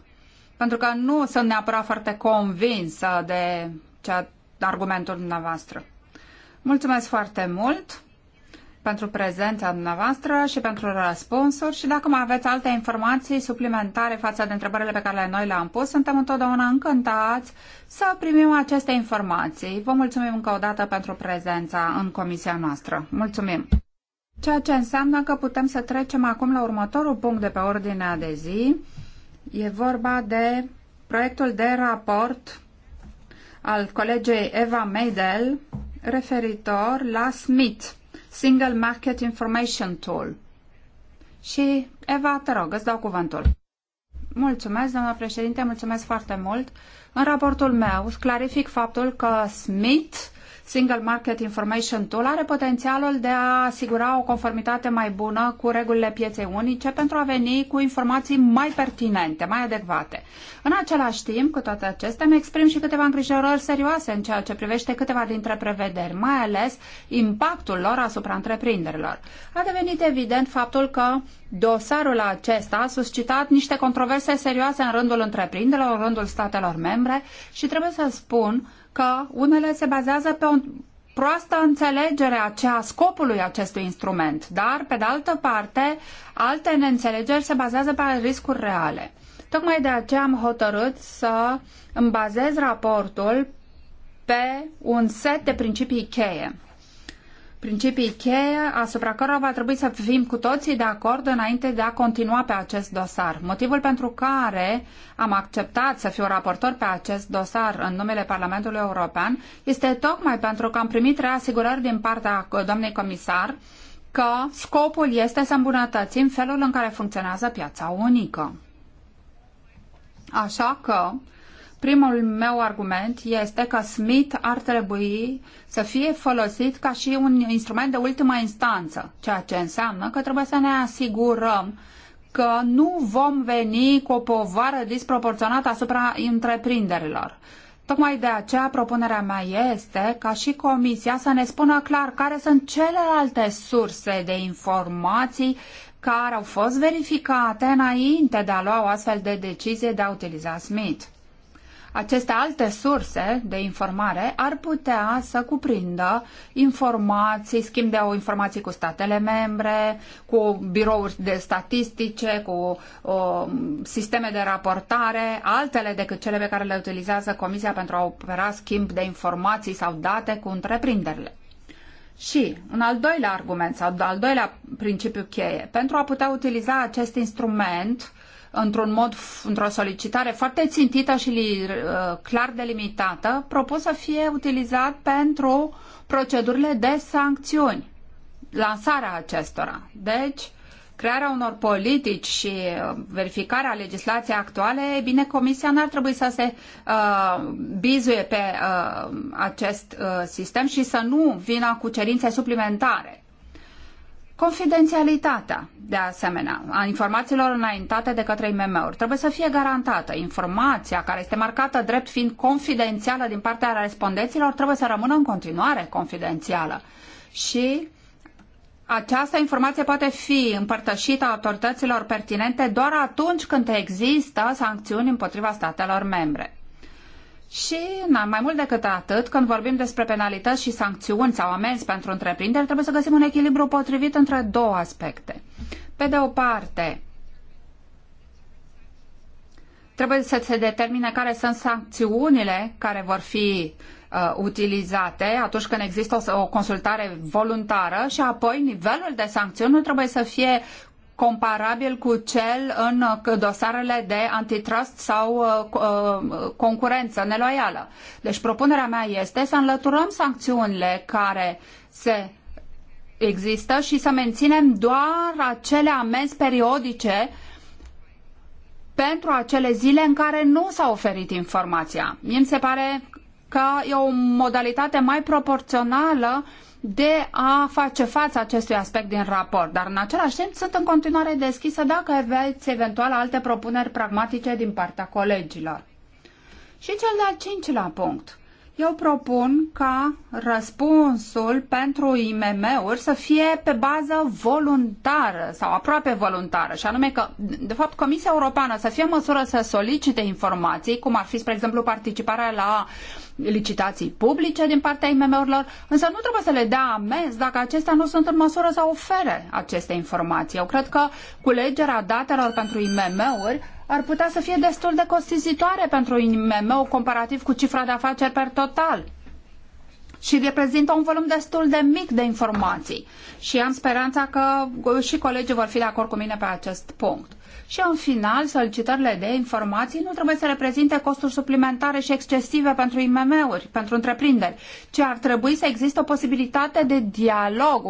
Speaker 4: Pentru că nu sunt neapărat foarte convinsă de cea, argumentul dumneavoastră. Mulțumesc foarte mult! pentru prezența dumneavoastră și pentru răspunsuri și dacă mai aveți alte informații suplimentare față de întrebările pe care noi le-am pus, suntem întotdeauna încântați să primim aceste informații. Vă mulțumim încă o dată pentru prezența în comisia noastră. Mulțumim! Ceea ce înseamnă că putem să trecem acum la următorul punct de pe ordinea de zi. E vorba de proiectul de raport al colegei Eva Meidel referitor la Smith. Single Market Information Tool. Și, Eva, te rog, îți dau cuvântul. Mulțumesc, doamna președinte, mulțumesc foarte mult. În raportul meu clarific faptul că Smith Single Market Information Tool are potențialul de a asigura o conformitate mai bună cu regulile pieței unice pentru a veni cu informații mai pertinente, mai adecvate. În același timp, cu toate acestea, îmi exprim și câteva îngrijorări serioase în ceea ce privește câteva dintre prevederi, mai ales impactul lor asupra întreprinderilor. A devenit evident faptul că dosarul acesta a suscitat niște controverse serioase în rândul întreprinderilor, în rândul statelor membre și trebuie să spun că unele se bazează pe o proastă înțelegere a ceea scopului acestui instrument, dar, pe de altă parte, alte neînțelegeri se bazează pe riscuri reale. Tocmai de aceea am hotărât să îmi bazez raportul pe un set de principii cheie principii cheie asupra cărora va trebui să fim cu toții de acord înainte de a continua pe acest dosar. Motivul pentru care am acceptat să fiu raportor pe acest dosar în numele Parlamentului European este tocmai pentru că am primit reasigurări din partea doamnei comisar că scopul este să îmbunătățim felul în care funcționează piața unică. Așa că Primul meu argument este că Smith ar trebui să fie folosit ca și un instrument de ultimă instanță, ceea ce înseamnă că trebuie să ne asigurăm că nu vom veni cu o povară disproporționată asupra întreprinderilor. Tocmai de aceea propunerea mea este ca și Comisia să ne spună clar care sunt celelalte surse de informații care au fost verificate înainte de a lua o astfel de decizie de a utiliza Smith aceste alte surse de informare ar putea să cuprindă informații, schimb de o informații cu statele membre, cu birouri de statistice, cu o, um, sisteme de raportare, altele decât cele pe care le utilizează Comisia pentru a opera schimb de informații sau date cu întreprinderile. Și un al doilea argument sau al doilea principiu cheie, pentru a putea utiliza acest instrument într-un mod, într-o solicitare foarte țintită și uh, clar delimitată, propus să fie utilizat pentru procedurile de sancțiuni, lansarea acestora. Deci, crearea unor politici și uh, verificarea legislației actuale, e bine, Comisia n-ar trebui să se uh, bizuie pe uh, acest uh, sistem și să nu vină cu cerințe suplimentare. Confidențialitatea, de asemenea, a informațiilor înaintate de către IMM-uri trebuie să fie garantată. Informația care este marcată drept fiind confidențială din partea respondenților trebuie să rămână în continuare confidențială. Și această informație poate fi împărtășită autorităților pertinente doar atunci când există sancțiuni împotriva statelor membre. Și na, mai mult decât atât, când vorbim despre penalități și sancțiuni sau amenzi pentru întreprinderi, trebuie să găsim un echilibru potrivit între două aspecte. Pe de o parte, trebuie să se determine care sunt sancțiunile care vor fi uh, utilizate atunci când există o, o consultare voluntară și apoi nivelul de sancțiuni nu trebuie să fie comparabil cu cel în uh, dosarele de antitrust sau uh, uh, concurență neloială. Deci propunerea mea este să înlăturăm sancțiunile care se există și să menținem doar acele amenzi periodice pentru acele zile în care nu s-a oferit informația. Mie mi se pare că e o modalitate mai proporțională uh, de a face față acestui aspect din raport, dar în același timp sunt în continuare deschisă dacă aveți eventual alte propuneri pragmatice din partea colegilor. Și cel de-al cincilea punct. Eu propun ca răspunsul pentru IMM-uri să fie pe bază voluntară sau aproape voluntară, și anume că, de fapt, Comisia Europeană să fie în măsură să solicite informații, cum ar fi, spre exemplu, participarea la uh, licitații publice din partea IMM-urilor, însă nu trebuie să le dea amenzi dacă acestea nu sunt în măsură să ofere aceste informații. Eu cred că culegerea datelor pentru IMM-uri ar putea să fie destul de costisitoare pentru IMM-ul comparativ cu cifra de afaceri per total și reprezintă un volum destul de mic de informații. Și am speranța că și colegii vor fi de acord cu mine pe acest punct și, în final, solicitările de informații nu trebuie să reprezinte costuri suplimentare și excesive pentru IMM-uri, pentru întreprinderi, ci ar trebui să existe o posibilitate de dialog,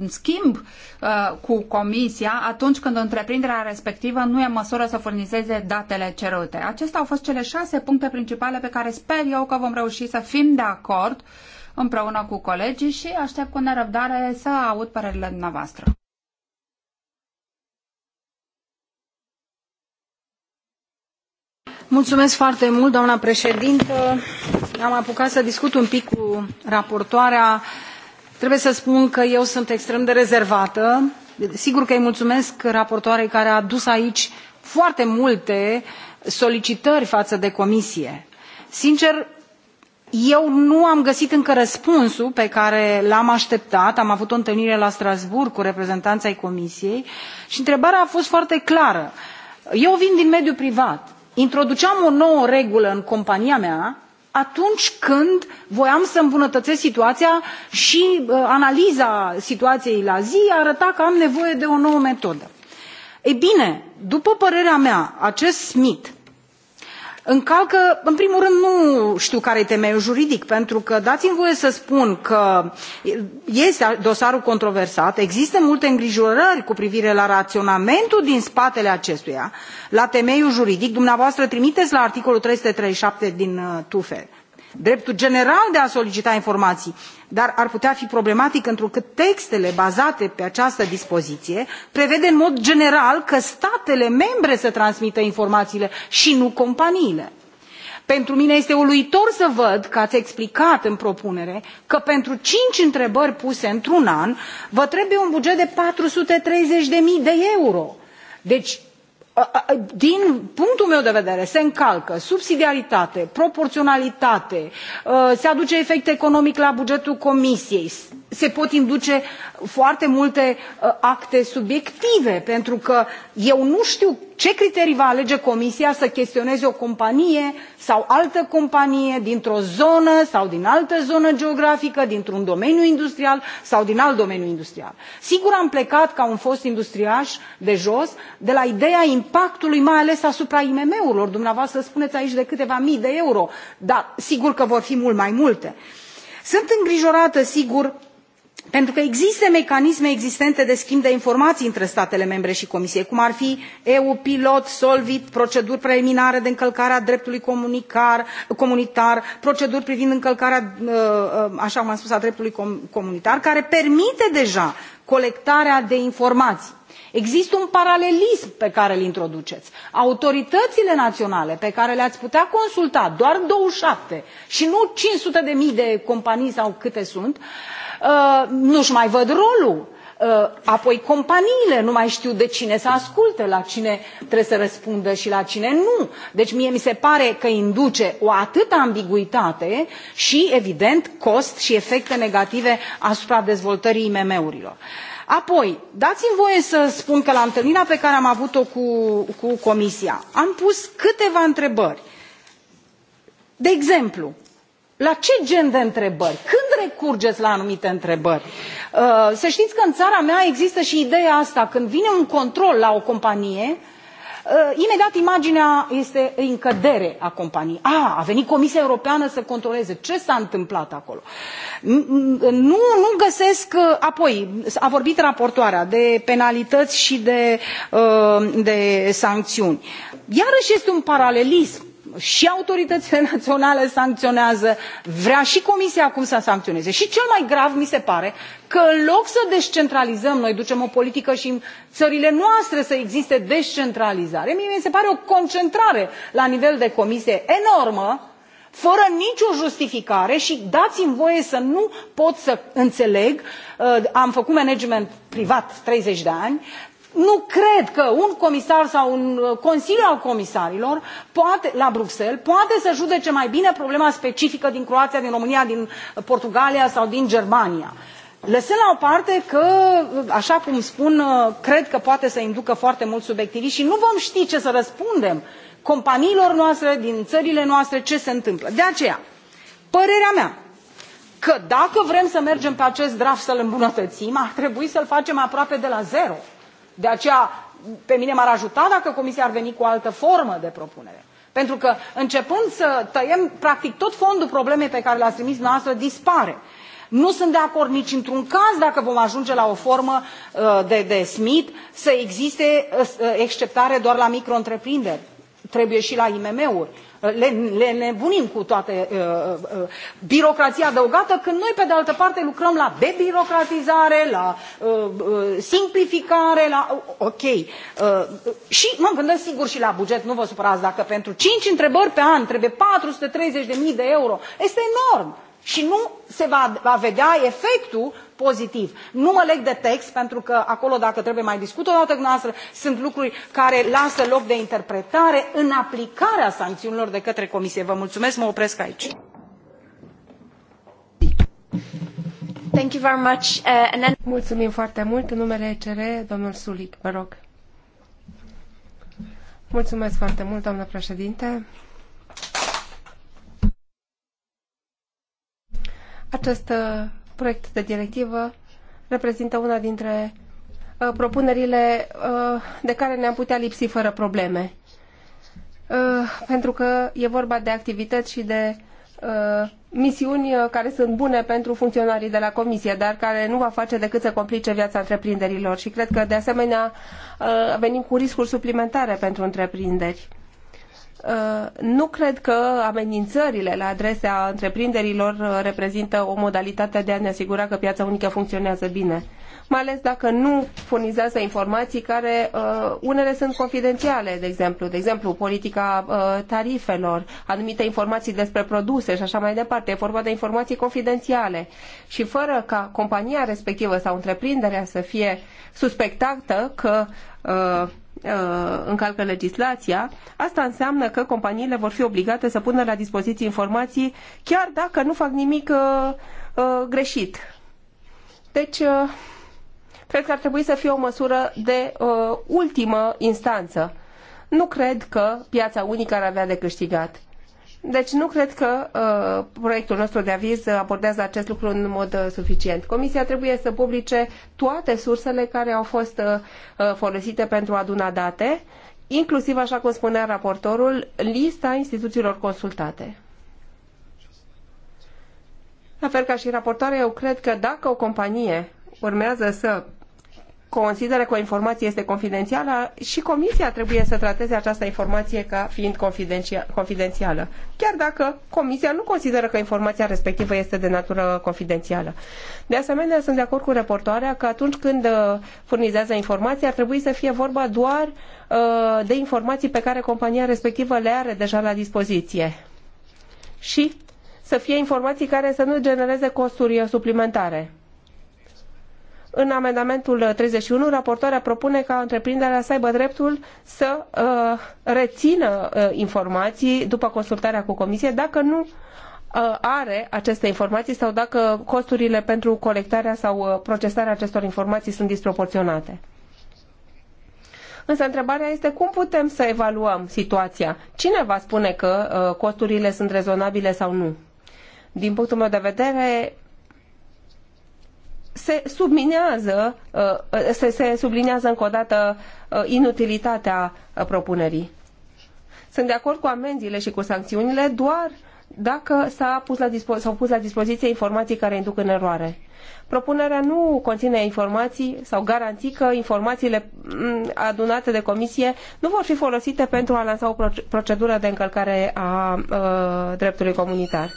Speaker 4: un schimb uh, cu comisia atunci când întreprinderea respectivă nu e în măsură să furnizeze datele cerute. Acestea au fost cele șase puncte principale pe care sper eu că vom reuși să fim de acord împreună cu colegii și aștept cu nerăbdare să aud părerile dumneavoastră.
Speaker 2: Mulțumesc foarte mult, doamnă președintă. Am apucat să discut un pic cu raportoarea. Trebuie să spun că eu sunt extrem de rezervată. Sigur că îi mulțumesc raportoarei care a adus aici foarte multe solicitări față de comisie. Sincer, eu nu am găsit încă răspunsul pe care l am așteptat am avut o întâlnire la strasbourg cu reprezentanți ai comisiei și întrebarea a fost foarte clară eu vin din mediul privat introduceam o nouă regulă în compania mea atunci când voiam să îmbunătățesc situația și uh, analiza situației la zi arăta că am nevoie de o nouă metodă. ei bine după părerea mea acest mit încalcă în primul rând nu știu care e temeiul juridic pentru că dați mi voie să spun că este dosarul controversat există multe îngrijorări cu privire la raționamentul din spatele acestuia la temeiul juridic dumneavoastră trimiteți la articolul trei sute treizeci și șapte din uh, tufec dreptul general de a solicita informații dar ar putea fi problematic întrucât textele bazate pe această dispoziție prevede în mod general că statele membre să transmită informațiile și nu companiile pentru mine este uluitor să văd că ați explicat în propunere că pentru cinci întrebări puse într un an vă trebuie un buget de patru sute treizeci zero de euro deci din punctul meu de vedere se încalcă subsidiaritate proporționalitate uh, se aduce efect economic la bugetul comisiei se pot induce foarte multe uh, acte subiective pentru că eu nu știu ce criterii va alege comisia să chestioneze o companie sau altă companie dintr o zonă sau din altă zonă geografică dintr un domeniu industrial sau din alt domeniu industrial. sigur am plecat ca un fost industriaș de jos de la ideea impactului mai ales asupra imm urilor dumneavoastră spuneți aici de câteva mii de euro dar sigur că vor fi mult mai multe. sunt îngrijorată sigur pentru că există mecanisme existente de schimb de informații între statele membre și comisie cum ar fi eu pilot solvit proceduri preliminare de încălcare a dreptului comunitar proceduri privind încălcarea uh, uh, așa cum am spus a dreptului comunitar care permite deja colectarea de informații. există un paralelism pe care îl introduceți autoritățile naționale pe care le ați putea consulta doar douăzeci și șapte și nu cinci sute de mii de companii sau câte sunt Uh, nu și mai văd rolul uh, apoi companiile nu mai știu de cine să asculte la cine trebuie să răspundă și la cine nu deci mie mi se pare că induce o atâta ambiguitate și evident cost și efecte negative asupra dezvoltării imm urilor. apoi dați mi voie să spun că la întâlnirea pe care am avut o cu, cu comisia am pus câteva întrebări de exemplu la ce gen de întrebări? Când recurgeți la anumite întrebări? Uh, să știți că în țara mea există și ideea asta. Când vine un control la o companie, uh, imediat imaginea este în cădere a companiei. A, a venit Comisia Europeană să controleze. Ce s-a întâmplat acolo? Nu, nu găsesc... Uh, apoi, a vorbit raportoarea de penalități și de, de sancțiuni. Iarăși este un paralelism și autoritățile naționale sancționează vrea și comisia acum să sancționeze și cel mai grav mi se pare că în loc să descentralizăm noi ducem o politică și în țările noastre să existe descentralizare mie mi se pare o concentrare la nivel de comisie enormă fără nicio justificare și dați mi voie să nu pot să înțeleg uh, am făcut management privat treizeci de ani nu cred că un comisar sau un uh, consiliu al comisarilor poate, la bruxelles poate să judece mai bine problema specifică din croația din românia din uh, portugalia sau din germania lăsând la o parte că uh, așa cum spun cred că poate să inducă foarte mult subiectiviști și nu vom ști ce să răspundem companiilor noastre din țările noastre ce se întâmplă. de aceea părerea mea că dacă vrem să mergem pe acest draft să l îmbunătățim ar trebui să l facem aproape de la zero de aceea pe mine m ar ajuta dacă comisia ar veni cu o altă formă de propunere pentru că începând să tăiem practic tot fondul problemei pe care le ați trimis dumneavoastră dispare. nu sunt de acord nici într un caz dacă vom ajunge la o formă uh, de, de smit să existe uh, uh, exceptare doar la micro întreprinderi trebuie și la imm uri le, le nebunim cu toată uh, uh, birocrația adăugată, când noi, pe de altă parte, lucrăm la debirocratizare, la uh, simplificare, la... Ok. Și mă gândesc sigur și la buget, nu vă supărați dacă pentru cinci întrebări pe an trebuie 430.000 de euro. Este enorm și nu se va, va vedea efectul pozitiv. Nu mă leg de text, pentru că acolo, dacă trebuie, mai discut o dată cu noastră, sunt lucruri care lasă loc de interpretare în aplicarea sancțiunilor de către Comisie. Vă mulțumesc, mă opresc aici.
Speaker 1: Thank you very much. Uh, and then... Mulțumim foarte mult. În numele ECR, domnul Sulic, vă rog. Mulțumesc foarte mult, doamnă președinte. Acest uh, proiect de directivă reprezintă una dintre uh, propunerile uh, de care ne-am putea lipsi fără probleme. Pentru că e vorba de activități și de misiuni care sunt bune pentru funcționarii de la Comisie, dar care nu va face decât să complice viața întreprinderilor și cred că de asemenea venim cu riscuri suplimentare pentru întreprinderi. Uh, nu cred că amenințările la adresa întreprinderilor uh, reprezintă o modalitate de a ne asigura că piața unică funcționează bine, mai ales dacă nu furnizează informații care uh, unele sunt confidențiale, de exemplu, de exemplu politica tarifelor, anumite informații despre produse și așa mai departe. E vorba de informații confidențiale și fără ca compania respectivă sau întreprinderea să fie suspectată că Uh, încalcă legislația, asta înseamnă că companiile vor fi obligate să pună la dispoziție informații chiar dacă nu fac nimic uh, uh, greșit. Deci, cred că ar trebui să fie o măsură de ultimă instanță. Nu cred că piața unică ar avea de câștigat. Deci nu cred că uh, proiectul nostru de aviz abordează acest lucru în mod uh, suficient. Comisia trebuie să publice toate sursele care au fost uh, uh, folosite pentru a aduna date, inclusiv, așa cum spunea raportorul, lista instituțiilor consultate.
Speaker 4: La fel ca și raportoarea, eu cred
Speaker 1: că dacă o companie urmează să consideră că o informație este confidențială și comisia trebuie să trateze această informație ca fiind confidențială, chiar dacă comisia nu consideră că informația respectivă este de natură confidențială. De asemenea, sunt de acord cu reportoarea că atunci când uh, furnizează informația, ar trebui să fie vorba doar uh, de informații pe care compania respectivă le are deja la dispoziție. Și să fie informații care să nu genereze costuri suplimentare în amendamentul 31, raportoarea propune ca întreprinderea să aibă dreptul să uh, rețină uh, informații după consultarea cu comisie dacă nu uh, are aceste informații sau dacă costurile pentru colectarea sau uh, procesarea acestor informații sunt disproporționate. Însă întrebarea este cum putem să evaluăm situația? Cine va spune că uh, costurile sunt rezonabile sau nu? Din punctul meu de vedere, se subminează, uh, se, se sublinează încă o dată uh, inutilitatea uh, propunerii. Sunt de acord cu amenziile și cu sancțiunile doar dacă s-au pus, la dispo- pus la dispoziție informații care induc în eroare. Propunerea nu conține informații sau garanții că informațiile mm, adunate de comisie nu vor fi folosite pentru a lansa o procedură de încălcare a, a dreptului comunitar.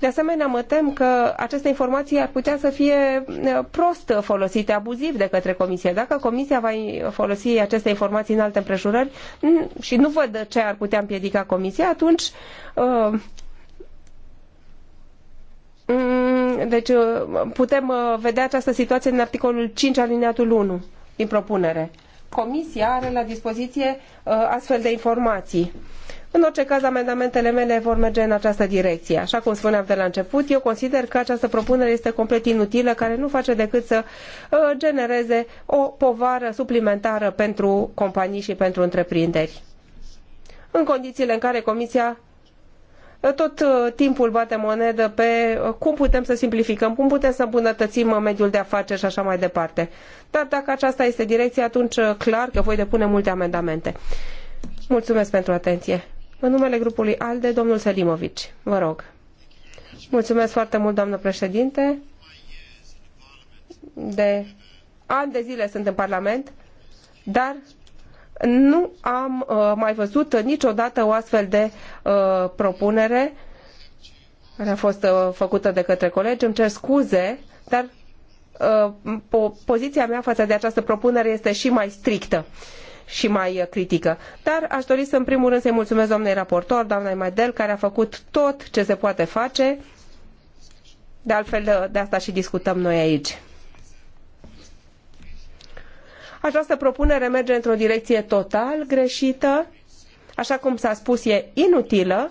Speaker 1: De asemenea, mă tem că aceste informații ar putea să fie eh, prost folosite, abuziv de către Comisie. Dacă Comisia va folosi aceste informații în alte împrejurări mm, și nu văd ce ar putea împiedica Comisia, atunci eh, mm, deci eh, putem vedea această situație în articolul 5 alineatul 1 din propunere. Comisia are la dispoziție astfel de informații în orice caz, amendamentele mele vor merge în această direcție. Așa cum spuneam de la început, eu consider că această propunere este complet inutilă, care nu face decât să uh, genereze o povară suplimentară pentru companii și pentru întreprinderi. În condițiile în care Comisia uh, tot uh, timpul bate monedă pe cum putem să simplificăm, cum putem să îmbunătățim mediul de afaceri și așa mai departe. Dar dacă aceasta este direcția, atunci clar că voi depune multe amendamente. Mulțumesc pentru atenție. În numele grupului ALDE, domnul Selimovici, vă rog. Mulțumesc foarte mult, doamnă președinte. De ani de zile sunt în Parlament, dar nu am uh, mai văzut niciodată o astfel de uh, propunere care a fost uh, făcută de către colegi. Îmi cer scuze, dar uh, po poziția mea față de această propunere este și mai strictă. Uh, și mai uh, critică. Dar aș dori să în primul rând să-i mulțumesc doamnei raportor, doamnei Maidel, care a făcut tot ce se poate face. De altfel, uh, de asta și discutăm noi aici. Această propunere merge într-o direcție total greșită, așa cum s-a spus, e inutilă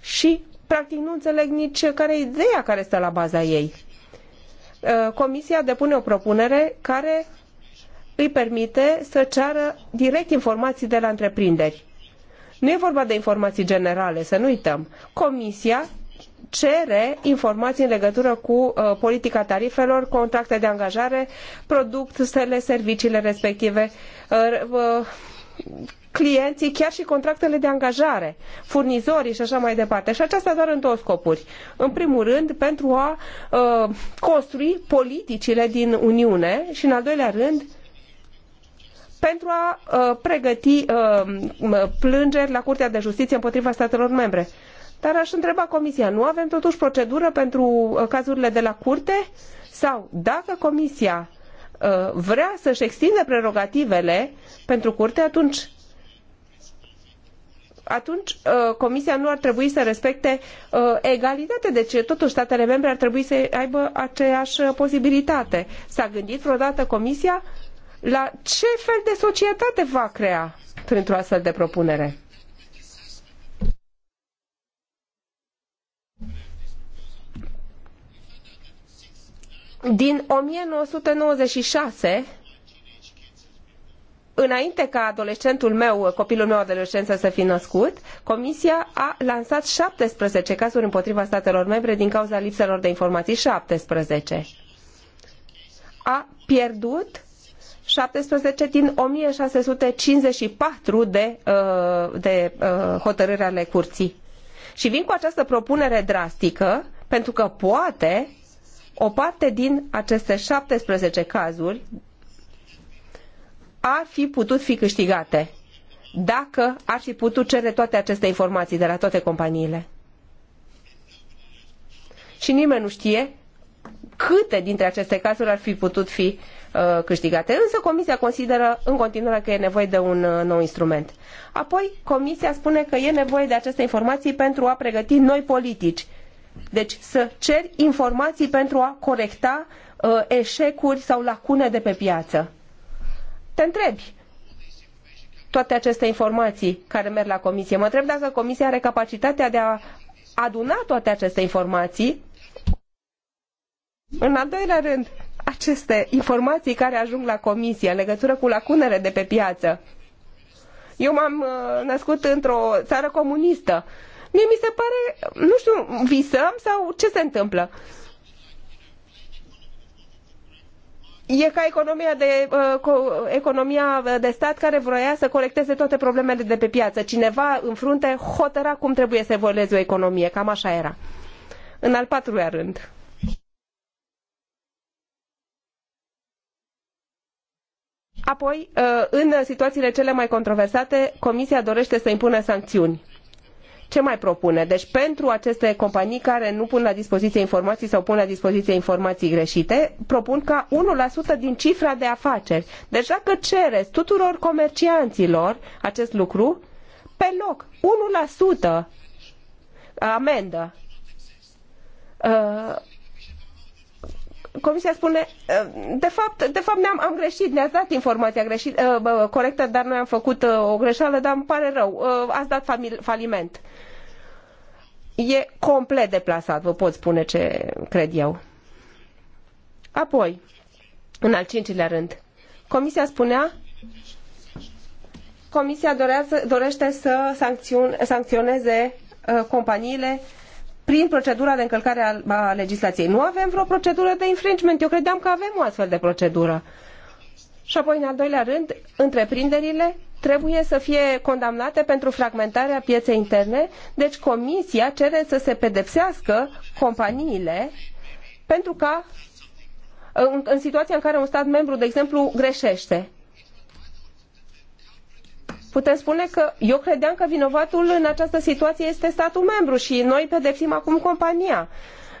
Speaker 1: și practic nu înțeleg nici care e ideea care stă la baza ei. Uh, Comisia depune o propunere care îi permite să ceară direct informații de la întreprinderi. Nu e vorba de informații generale, să nu uităm. Comisia cere informații în legătură cu uh, politica tarifelor, contracte de angajare, produsele, serviciile respective, uh, uh, clienții, chiar și contractele de angajare, furnizorii și așa mai departe. Și aceasta doar în două scopuri. În primul rând, pentru a uh, construi politicile din Uniune și, în al doilea rând, pentru a uh, pregăti uh, plângeri la Curtea de Justiție împotriva statelor membre. Dar aș întreba Comisia, nu avem totuși procedură pentru uh, cazurile de la Curte? Sau dacă Comisia vrea să-și extindă prerogativele pentru Curte, atunci atunci Comisia nu ar trebui să respecte egalitate. Deci, totuși, statele membre ar trebui să aibă aceeași posibilitate. S-a gândit vreodată Comisia la ce fel de societate va crea printr-o astfel de propunere? Din 1996, înainte ca adolescentul meu, copilul meu adolescent să fi născut, Comisia a lansat 17 cazuri împotriva statelor membre din cauza lipselor de informații 17. A pierdut 17 din 1654 de, uh, de uh, hotărâri ale curții. Și vin cu această propunere drastică pentru că poate o parte din aceste 17 cazuri ar fi putut fi câștigate dacă ar fi putut cere toate aceste informații de la toate companiile. Și nimeni nu știe câte dintre aceste cazuri ar fi putut fi Uh, câștigate. Însă Comisia consideră în continuare că e nevoie de un uh, nou instrument. Apoi Comisia spune că e nevoie de aceste informații pentru a pregăti noi politici. Deci să ceri informații pentru a corecta uh, eșecuri sau lacune de pe piață. Te întrebi, toate aceste informații care merg la comisie. Mă întreb dacă comisia are capacitatea de a aduna toate aceste informații. În al doilea rând, aceste informații care ajung la comisie în legătură cu lacunele de pe piață. Eu m-am uh, născut într-o țară comunistă. Mie mi se pare, nu știu, visăm sau ce se întâmplă? E ca economia de, uh, economia de stat care vroia să colecteze toate problemele de pe piață. Cineva în frunte hotăra cum trebuie să evolueze o economie. Cam așa era. În al patrulea rând. Apoi, uh, în situațiile cele mai controversate, Comisia dorește să impună sancțiuni. Ce mai propune? Deci pentru aceste companii care nu pun la dispoziție informații sau pun la dispoziție informații greșite, propun ca 1% din cifra de afaceri. Deci dacă cereți tuturor comercianților acest lucru, pe loc, 1% amendă. Uh, Comisia spune, uh, de fapt, de fapt ne-am am greșit, ne-ați dat informația greșit, uh, corectă, dar noi am făcut uh, o greșeală, dar îmi pare rău, ați dat faliment. E complet deplasat, vă pot spune ce cred eu. Apoi, în al cincilea rând, Comisia spunea Comisia dorează, dorește să sancțion, sancționeze companiile prin procedura de încălcare a legislației. Nu avem vreo procedură de infringement. Eu credeam că avem o astfel de procedură. Și apoi, în al doilea rând, întreprinderile trebuie să fie condamnate pentru fragmentarea pieței interne, deci comisia cere să se pedepsească companiile pentru ca în, în situația în care un stat membru, de exemplu, greșește putem spune că eu credeam că vinovatul în această situație este statul membru și noi pedepsim acum compania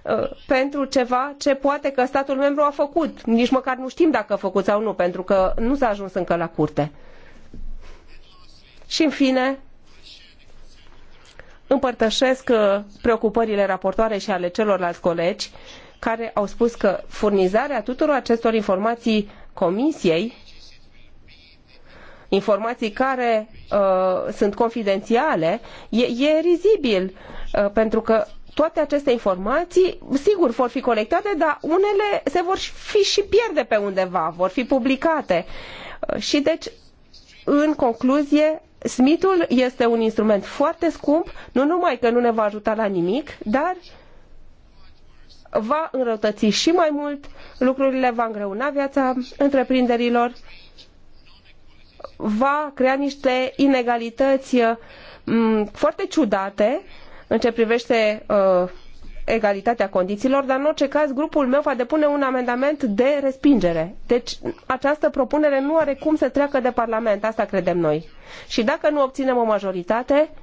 Speaker 1: uh, pentru ceva ce poate că statul membru a făcut. Nici măcar nu știm dacă a făcut sau nu, pentru că nu s-a ajuns încă la curte. Și în fine, împărtășesc uh, preocupările raportoarei și ale celorlalți colegi care au spus că furnizarea tuturor acestor informații comisiei informații care uh, sunt confidențiale, e, e rizibil, uh, pentru că toate aceste informații, sigur, vor fi colectate, dar unele se vor fi și pierde pe undeva, vor fi publicate. Uh, și deci, în concluzie, Smithul este un instrument foarte scump, nu numai că nu ne va ajuta la nimic, dar va înrăutăți și mai mult lucrurile, va îngreuna viața întreprinderilor va crea niște inegalități uh, foarte ciudate în ce privește uh, egalitatea condițiilor, dar în orice caz grupul meu va depune un amendament de respingere. Deci această propunere nu are cum să treacă de Parlament, asta credem noi. Și dacă nu obținem o majoritate, uh,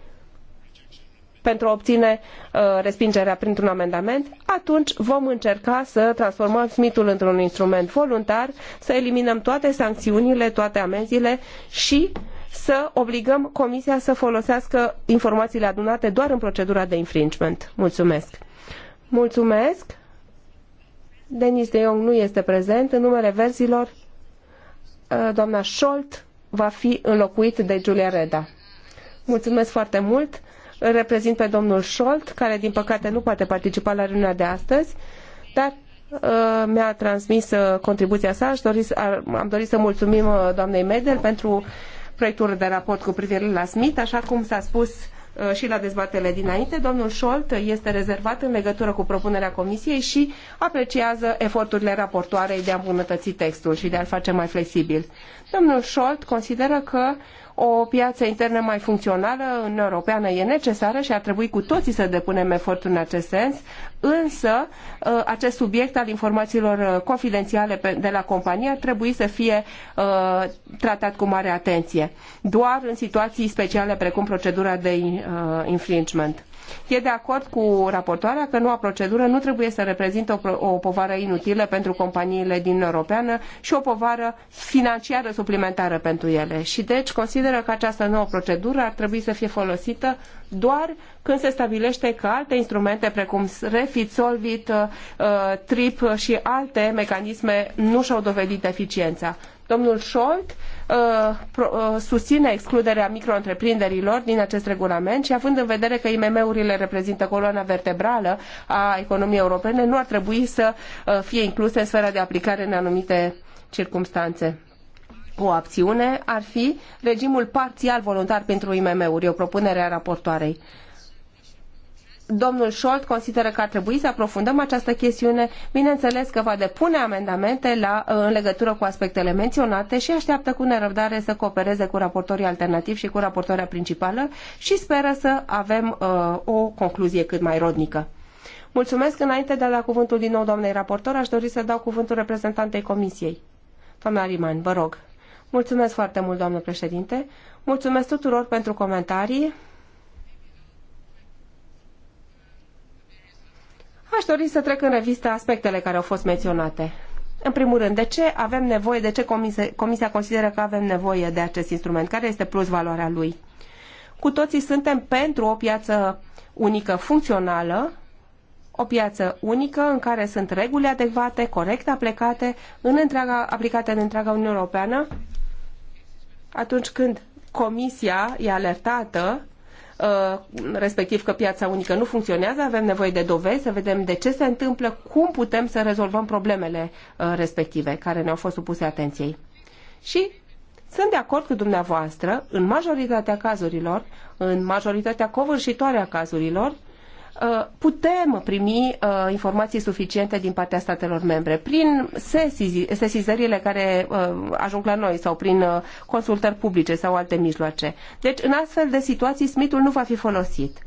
Speaker 1: pentru a obține uh, respingerea printr-un amendament, atunci vom încerca să transformăm smit într-un instrument voluntar, să eliminăm toate sancțiunile, toate amenziile și să obligăm Comisia să folosească informațiile adunate doar în procedura de infringement. Mulțumesc! Mulțumesc! Denis de Jong nu este prezent. În numele verzilor, uh, doamna Scholt va fi înlocuit de Giulia Reda. Mulțumesc foarte mult! Îl reprezint pe domnul Scholt, care din păcate nu poate participa la reuniunea de astăzi, dar uh, mi-a transmis uh, contribuția sa. Aș dori, am dorit să mulțumim uh, doamnei Medel pentru proiectul de raport cu privire la SMIT, așa cum s-a spus și la dezbatele dinainte. Domnul Scholt este rezervat în legătură cu propunerea comisiei și apreciază eforturile raportoarei de a îmbunătăți textul și de a-l face mai flexibil. Domnul Scholt consideră că o piață internă mai funcțională în europeană e necesară și ar trebui cu toții să depunem efortul în acest sens, însă uh, acest subiect al informațiilor uh, confidențiale de la companie ar trebui să fie uh, tratat cu mare atenție, doar în situații speciale precum procedura de infringement e de acord cu raportoarea că noua procedură nu trebuie să reprezinte o, o povară inutilă pentru companiile din Europeană și o povară financiară suplimentară pentru ele. Și deci consideră că această nouă procedură ar trebui să fie folosită doar când se stabilește că alte instrumente precum Refit, Solvit, uh, TRIP și alte mecanisme nu și-au dovedit eficiența. Domnul Scholz Uh, uh, susține excluderea micro-întreprinderilor din acest regulament și având în vedere că IMM-urile reprezintă coloana vertebrală a economiei europene, nu ar trebui să uh, fie incluse în sfera de aplicare în anumite circumstanțe. O opțiune ar fi regimul parțial voluntar pentru IMM-uri, o propunere a raportoarei. Uh, Domnul Scholt consideră că ar trebui să aprofundăm această chestiune. Bineînțeles că va depune amendamente la, în legătură cu aspectele menționate și așteaptă cu nerăbdare să coopereze cu raportorii alternativi și cu raportoarea principală și speră să avem uh, o concluzie cât mai rodnică. Mulțumesc. Înainte de a da cuvântul din nou doamnei raportor, aș dori să dau cuvântul reprezentantei Comisiei. Doamna Riman, vă rog. Mulțumesc foarte mult, doamnă președinte. Mulțumesc tuturor pentru comentarii Aș dori să trec în revistă aspectele care au fost menționate. În primul rând, de ce avem nevoie, de ce comisia, comisia consideră că avem nevoie de acest instrument? Care este plus valoarea lui? Cu toții suntem pentru o piață unică funcțională, o piață unică în care sunt reguli adecvate, corect aplicate în întreaga, aplicate în întreaga Uniune Europeană. Atunci când Comisia e alertată Uh, respectiv că piața unică nu funcționează, avem nevoie de dovezi, să vedem de ce se întâmplă, cum putem să rezolvăm problemele uh, respective care ne-au fost supuse atenției. Și sunt de acord cu dumneavoastră, în majoritatea cazurilor, în majoritatea covârșitoare a cazurilor, Uh, putem primi uh, informații suficiente din partea statelor membre prin sesizările care uh, ajung la noi sau prin consultări publice sau alte mijloace. Deci, în astfel de situații, smith nu va fi folosit.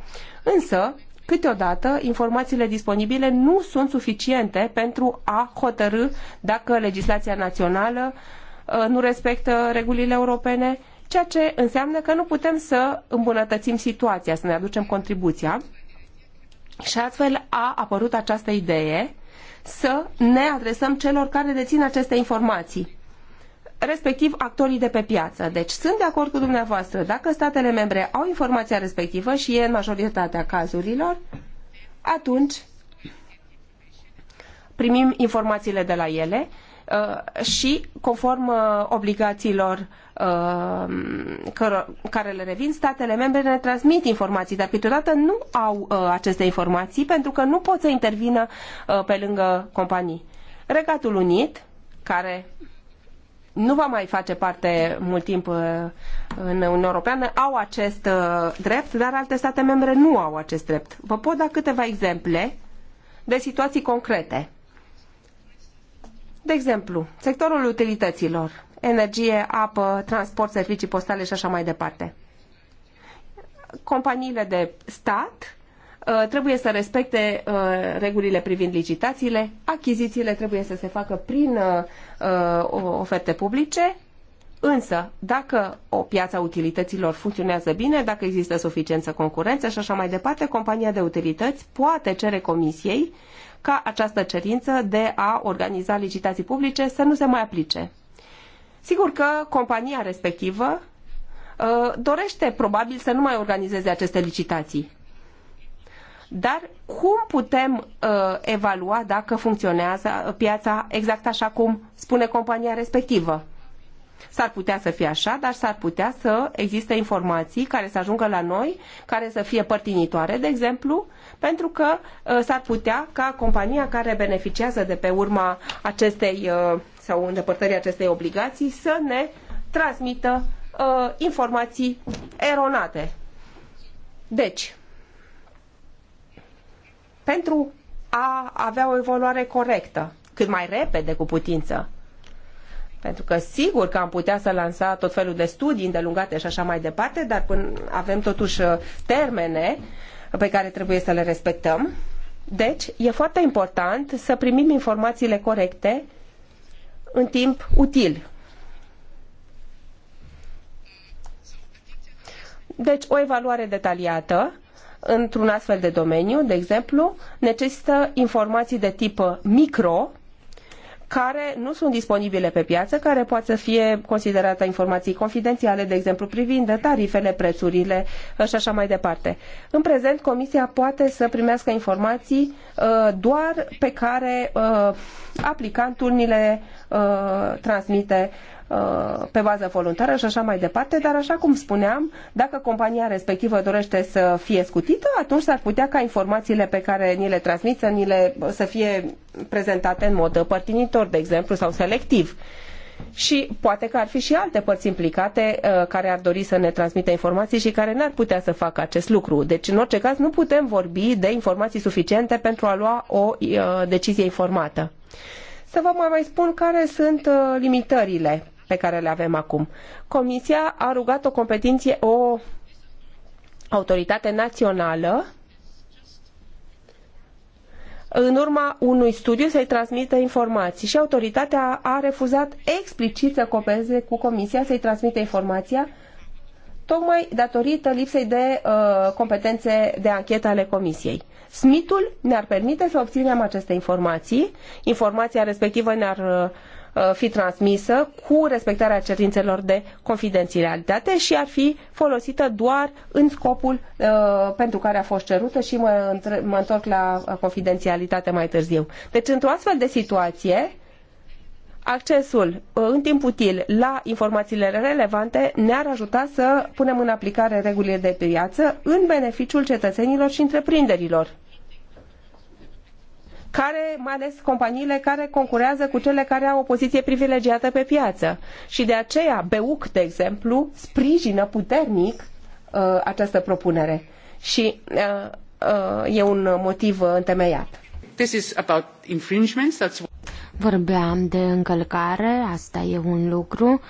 Speaker 1: Însă, Câteodată, informațiile disponibile nu sunt suficiente pentru a hotărâ dacă legislația națională nu respectă regulile europene, ceea ce înseamnă că nu putem să îmbunătățim situația, să ne aducem contribuția și astfel a apărut această idee să ne adresăm celor care dețin aceste informații respectiv actorii de pe piață. Deci sunt de acord cu dumneavoastră, dacă statele membre au informația respectivă și e în majoritatea cazurilor, atunci primim informațiile de la ele Uh, și, conform uh, obligațiilor uh, care le revin, statele membre ne transmit informații, dar câteodată nu au aceste informații pentru că nu pot să intervină pe lângă companii. Regatul Unit, care nu va mai face parte mult timp în Uniunea Europeană, au acest drept, dar alte state membre nu au acest drept. Vă pot da câteva exemple de situații concrete de exemplu, sectorul utilităților, energie, apă, transport, servicii postale și așa mai departe. Companiile de stat uh, trebuie să respecte uh, regulile privind licitațiile, achizițiile trebuie să se facă prin uh, oferte publice, însă dacă o piață a utilităților funcționează bine, dacă există suficientă concurență și așa mai departe, compania de utilități poate cere comisiei ca această cerință de a organiza licitații publice să nu se mai aplice. Sigur că compania respectivă uh, dorește probabil să nu mai organizeze aceste licitații. Dar cum putem uh, evalua dacă funcționează piața exact așa cum spune compania respectivă? S-ar putea să fie așa, dar s-ar putea să existe informații care să ajungă la noi, care să fie părtinitoare, de exemplu, pentru că uh, s-ar putea ca compania care beneficiază de pe urma acestei uh, sau îndepărtării acestei obligații să ne transmită uh, informații eronate. Deci, pentru a avea o evaluare corectă, cât mai repede cu putință, pentru că sigur că am putea să lansa tot felul de studii îndelungate și așa mai departe, dar până avem totuși termene uh, pe care trebuie să le respectăm. Deci, e foarte important să primim informațiile corecte în timp util. Deci, o evaluare detaliată într-un astfel de domeniu, de exemplu, necesită informații de tip micro, care nu sunt disponibile pe piață, care pot să fie considerate informații confidențiale, de exemplu privind tarifele, prețurile și așa mai departe. În prezent, Comisia poate să primească informații uh, doar pe care uh, aplicantul ni le uh, transmite Uh, pe bază voluntară și așa mai departe, dar așa cum spuneam, dacă compania respectivă dorește să fie scutită, atunci s-ar putea ca informațiile pe care ni le transmit să, ni le, să fie prezentate în mod părtinitor, de exemplu, sau selectiv. Și poate că ar fi și alte părți implicate uh, care ar dori să ne transmită informații și care n-ar putea să facă acest lucru. Deci, în orice caz, nu putem vorbi de informații suficiente pentru a lua o uh, decizie informată. Să vă mai spun care sunt limitările pe care le avem acum. Comisia a rugat o competiție, o autoritate națională în urma unui studiu să-i transmită informații și autoritatea a refuzat explicit să copeze cu comisia să-i transmită informația tocmai datorită lipsei de uh, competențe de anchetă ale comisiei. Smitul ne-ar permite să obținem aceste informații, informația respectivă ne-ar uh, Uh, fi transmisă cu respectarea cerințelor de confidențialitate și ar fi folosită doar în scopul uh, pentru care a fost cerută și mă, mă întorc la uh, confidențialitate mai târziu. Deci, într-o astfel de situație, accesul în timp util la informațiile relevante ne-ar ajuta să punem în aplicare regulile de piață în beneficiul cetățenilor și întreprinderilor care, mai ales companiile care concurează cu cele care au o poziție privilegiată pe piață. Și de aceea BEUC, de exemplu, sprijină puternic uh, această propunere. Și uh, uh, e un motiv
Speaker 3: întemeiat.
Speaker 4: This is about infringements, that's
Speaker 3: Vorbeam de încălcare, asta e un lucru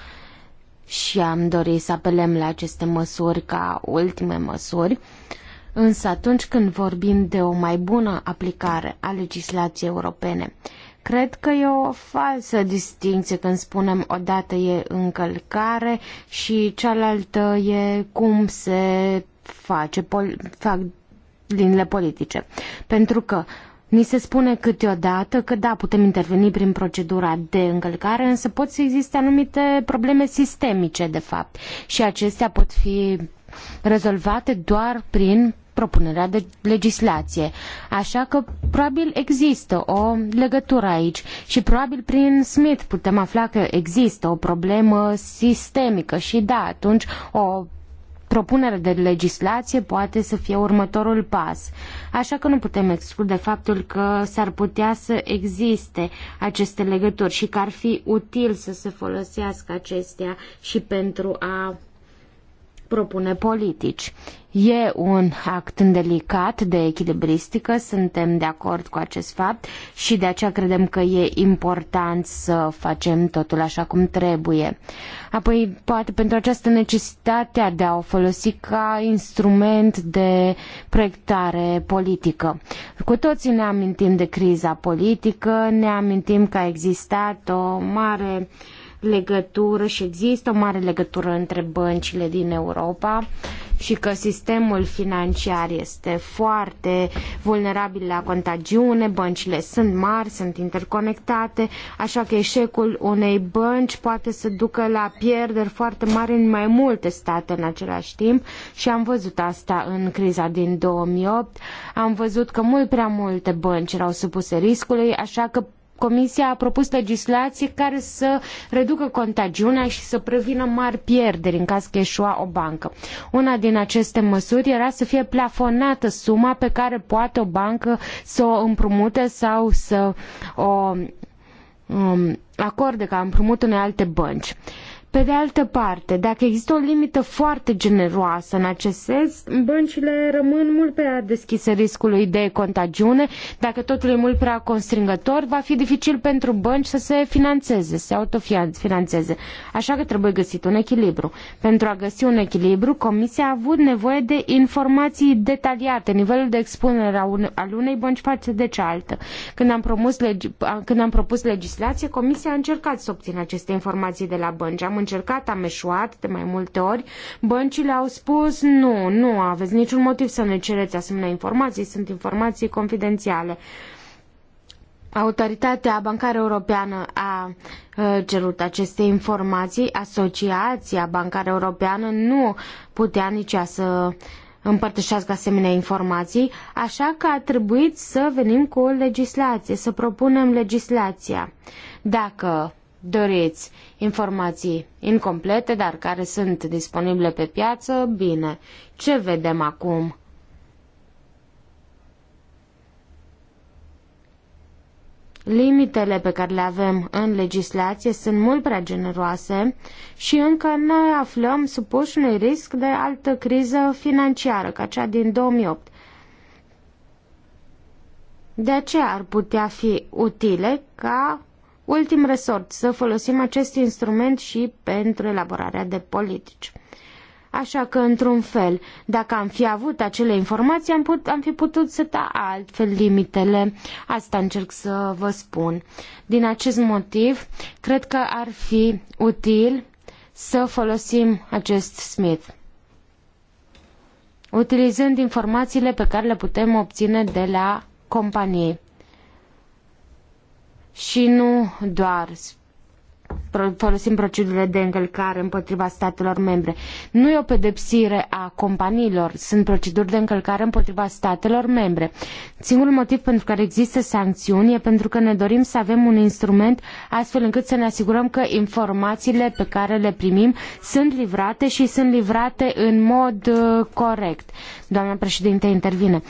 Speaker 3: și am dorit să apelăm la aceste măsuri ca ultime măsuri. Uh, Însă atunci când vorbim de o mai bună aplicare a legislației europene, Cred că e o falsă distinție când spunem odată e încălcare și cealaltă e cum se face, pol, fac linile politice. Pentru că Ni se spune câteodată că da, putem interveni prin procedura de încălcare, însă pot să existe anumite probleme sistemice, de fapt, și acestea pot fi rezolvate doar prin propunerea de legislație. Așa că probabil există o legătură aici și probabil prin Smith putem afla că există o problemă sistemică și da, atunci o propunere de legislație poate să fie următorul pas. Așa că nu putem exclude faptul că s-ar putea să existe aceste legături și că ar fi util să se folosească acestea și pentru a propune politici. E un act delicat de echilibristică, suntem de acord cu acest fapt și de aceea credem că e important să facem totul așa cum trebuie. Apoi, poate pentru această necesitate de a o folosi ca instrument de proiectare politică. Cu toții ne amintim de criza politică, ne amintim că a existat o mare uh, legătură și există o mare legătură între băncile din Europa și că sistemul financiar este foarte vulnerabil la contagiune, băncile sunt mari, sunt interconectate, așa că eșecul unei bănci poate să ducă la pierderi foarte mari în mai multe state în același timp și am văzut asta în criza din 2008. Am văzut că mult prea multe bănci erau supuse riscului, așa că Comisia a propus legislație care să reducă contagiunea și să prevină mari pierderi în caz că eșua o bancă. Una din aceste măsuri era să fie plafonată suma pe care poate o bancă să o împrumute sau să o um, acorde ca împrumut unei alte bănci. Uh, pe de altă parte, dacă există o limită foarte generoasă în acest sens, băncile rămân mult prea deschise riscului de contagiune. Dacă totul e mult prea constrângător, va fi dificil pentru bănci să se finanțeze, să se autofinanțeze. Așa că trebuie găsit un echilibru. Pentru a găsi un echilibru, Comisia a avut nevoie de informații detaliate, nivelul de expunere al unei bănci față de cealaltă. Când am, promus legi- când am propus legislație, Comisia a încercat să obțină aceste informații de la bănci. Am încercat, am eșuat de mai multe ori. Băncile au spus nu, nu aveți niciun motiv să ne cereți asemenea informații, sunt informații confidențiale. Autoritatea Bancară Europeană a uh, cerut aceste informații, Asociația Bancară Europeană nu putea nici să împărtășească asemenea informații, așa că a trebuit să venim cu o legislație, să propunem legislația. Dacă doriți informații incomplete, dar care sunt disponibile pe piață, bine. Ce vedem acum? Limitele pe care le avem în legislație sunt mult prea generoase și încă ne aflăm supuși unui risc de altă criză financiară, ca cea din 2008. De aceea ar putea fi utile ca ultim resort, să folosim acest instrument și pentru elaborarea de politici. Așa că, într-un fel, dacă am fi avut acele informații, am, put, am fi putut seta altfel limitele. Asta încerc să vă spun. Din acest motiv, cred că ar fi util să folosim acest Smith utilizând informațiile pe care le putem obține de la companie și nu doar folosim procedurile de încălcare împotriva statelor membre. Nu e o pedepsire a companiilor, sunt proceduri de încălcare împotriva statelor membre. Singurul motiv pentru care există sancțiuni e pentru că ne dorim să avem un instrument astfel încât să ne asigurăm că informațiile pe care le primim sunt livrate și sunt livrate în mod uh, corect. Doamna președinte intervine.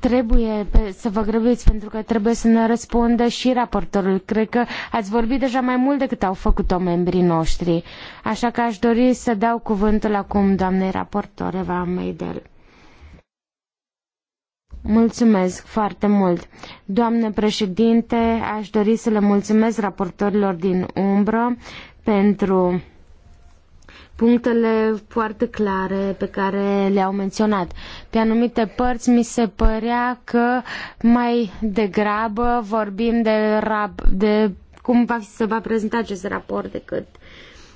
Speaker 3: Trebuie să vă grăbiți pentru că trebuie să ne răspundă și raportorul. Cred că ați vorbit deja mai mult decât au făcut-o membrii noștri. Așa că aș dori să dau cuvântul acum doamnei raportor Eva Meidel. Mulțumesc foarte mult. Doamnă președinte, aș dori să le mulțumesc raportorilor din umbră pentru punctele foarte clare pe care le-au menționat. Pe anumite părți mi se părea că mai degrabă vorbim de, rap, de cum va, se va prezenta acest raport decât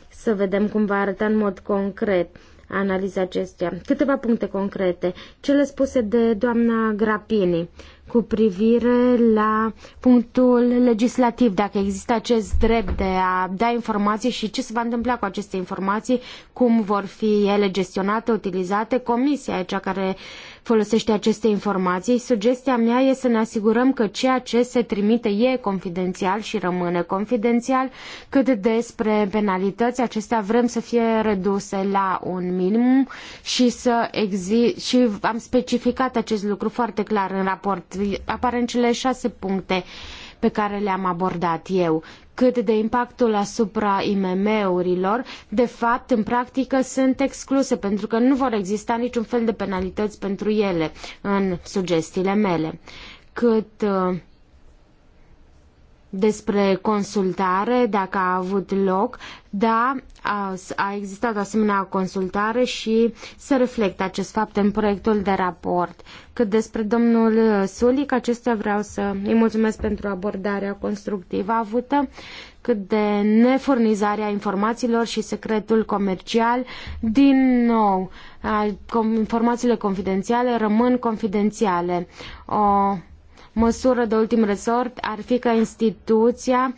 Speaker 3: să vedem cum va arăta în mod concret analiza acestuia. Câteva puncte concrete. Cele spuse de doamna Grapini cu privire la punctul legislativ, dacă există acest drept de a da informații și ce se va întâmpla cu aceste informații, cum vor fi ele gestionate, utilizate. Comisia e cea care folosește aceste informații, sugestia mea este să ne asigurăm că ceea ce se trimite e confidențial și rămâne confidențial, cât despre penalități, acestea vrem să fie reduse la un minimum și să exi- și am specificat acest lucru foarte clar în raport. Aparent în cele șase puncte pe care le-am abordat eu, cât de impactul asupra IMM-urilor, de fapt, în practică, sunt excluse, pentru că nu vor exista niciun fel de penalități pentru ele în sugestiile mele. Cât uh, despre consultare, dacă a avut loc, da, a, a existat o asemenea consultare și se reflectă acest fapt în proiectul de raport. Cât despre domnul Sulic, acestea vreau să îi mulțumesc pentru abordarea constructivă avută, cât de nefurnizarea informațiilor și secretul comercial. Din nou, informațiile confidențiale rămân confidențiale. O măsură de ultim resort ar fi ca instituția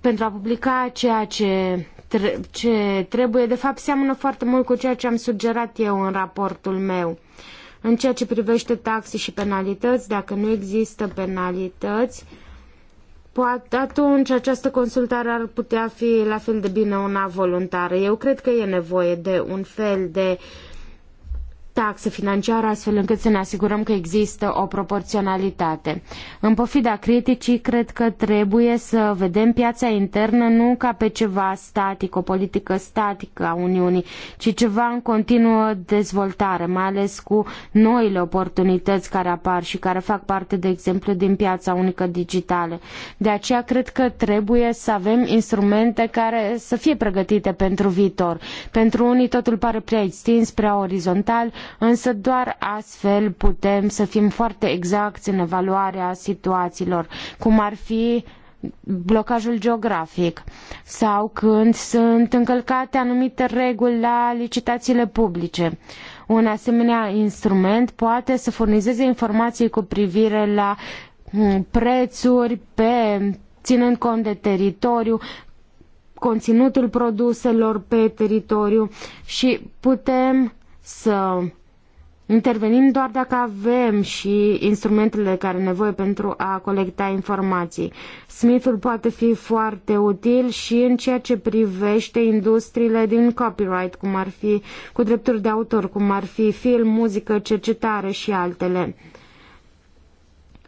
Speaker 3: pentru a publica ceea ce, tre ce trebuie, de fapt seamănă foarte mult cu ceea ce am sugerat eu în raportul meu. În ceea ce privește taxe și penalități, dacă nu există penalități, poate atunci această consultare ar putea fi la fel de bine una voluntară. Eu cred că e nevoie de un fel de uh, taxe financiară astfel încât să ne asigurăm că există o proporționalitate. În pofida criticii, cred că trebuie să vedem piața internă nu ca pe ceva static, o politică statică a Uniunii, ci ceva în continuă dezvoltare, mai ales cu noile oportunități care apar și care fac parte, de exemplu, din piața unică digitală. De aceea, cred că trebuie să avem instrumente care să fie pregătite pentru viitor. Pentru unii totul pare prea extins, prea orizontal, însă doar astfel putem să fim foarte exacti în evaluarea situațiilor, cum ar fi blocajul geografic sau când sunt încălcate anumite reguli la licitațiile publice. Un asemenea instrument poate să furnizeze informații cu privire la mm, prețuri pe ținând cont de teritoriu, conținutul produselor pe teritoriu și putem să intervenim doar dacă avem și instrumentele care nevoie pentru a colecta informații. Smithul poate fi foarte util și în ceea ce privește industriile din copyright, cum ar fi cu drepturi de autor, cum ar fi film, muzică, cercetare și altele.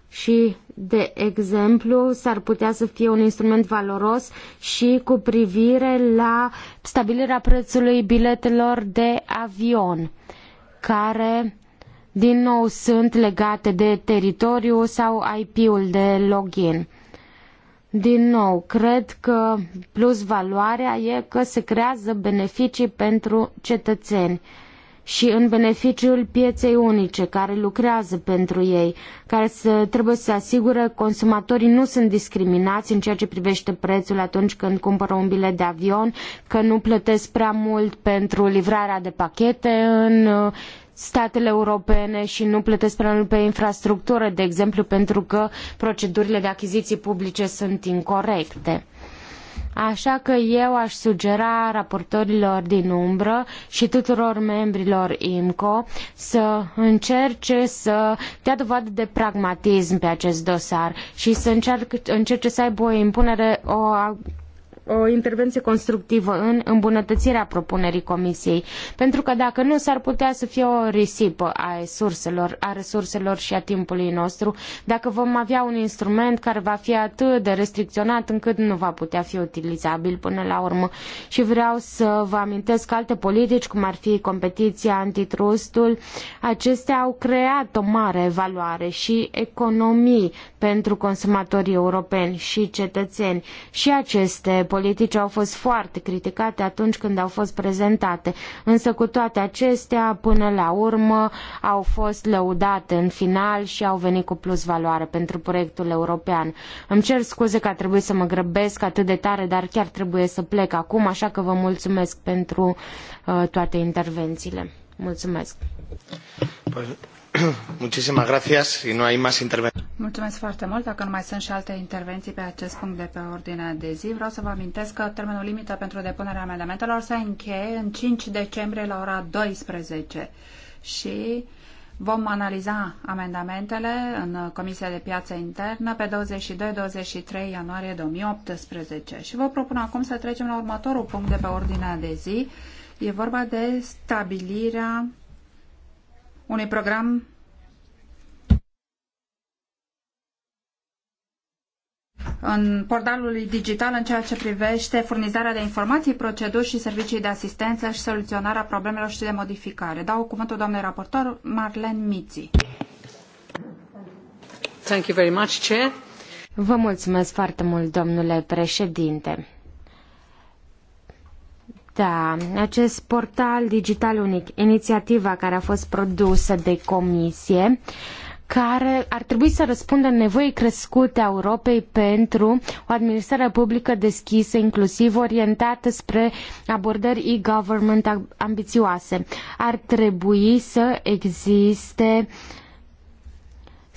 Speaker 3: Și de exemplu, s-ar putea să fie un instrument valoros și cu privire la stabilirea prețului biletelor de avion, care din nou sunt legate de teritoriu sau IP-ul de login. Din nou, cred că plus valoarea e că se creează beneficii pentru cetățeni și în beneficiul pieței unice care lucrează pentru ei, care să, trebuie să asigure consumatorii nu sunt discriminați în ceea ce privește prețul atunci când cumpără un bilet de avion, că nu plătesc prea mult pentru livrarea de pachete în uh, statele europene și nu plătesc prea mult pe infrastructură, de exemplu, pentru că procedurile de achiziții publice sunt incorrecte. Așa că eu aș sugera raportorilor din umbră și tuturor membrilor IMCO să încerce să dea dovadă de pragmatism pe acest dosar și să încerce, încerce să aibă o impunere, o o intervenție constructivă în îmbunătățirea propunerii comisiei, pentru că dacă nu s-ar putea să fie o risipă a resurselor, a resurselor și a timpului nostru, dacă vom avea un instrument care va fi atât de restricționat încât nu va putea fi utilizabil până la urmă. Și vreau să vă amintesc alte politici, cum ar fi competiția, antitrustul, acestea au creat o mare valoare și economii pentru consumatorii europeni și cetățeni și aceste politice au fost foarte criticate atunci când au fost prezentate, însă cu toate acestea, până la urmă, au fost lăudate în final și au venit cu plus valoare pentru proiectul european. Îmi cer scuze că a trebuit să mă grăbesc atât de tare, dar chiar trebuie să plec acum, așa că vă mulțumesc pentru uh, toate intervențiile. Mulțumesc! Păi, Muchísimas gracias. Si no hay más Mulțumesc foarte mult. Dacă nu mai sunt și alte intervenții
Speaker 4: pe acest punct de pe ordinea de zi, vreau să vă amintesc că termenul limită pentru depunerea amendamentelor se încheie în 5 decembrie la ora 12 și vom analiza amendamentele în Comisia de Piață Internă pe 22-23 ianuarie 2018. Și vă propun acum să trecem la următorul punct de pe ordinea de zi. E vorba de stabilirea unui program în portalului digital în ceea ce privește furnizarea de informații, proceduri și servicii de asistență și soluționarea problemelor și de modificare. Dau cuvântul doamnei raportor Marlen Miții.
Speaker 3: Thank you very much, Chair. Vă mulțumesc foarte mult, domnule președinte. Da, acest portal digital unic, inițiativa care a fost produsă de comisie, care ar trebui să răspundă nevoii crescute a Europei pentru o administrare publică deschisă, inclusiv orientată spre abordări e-government ambițioase. Ar trebui să existe uh,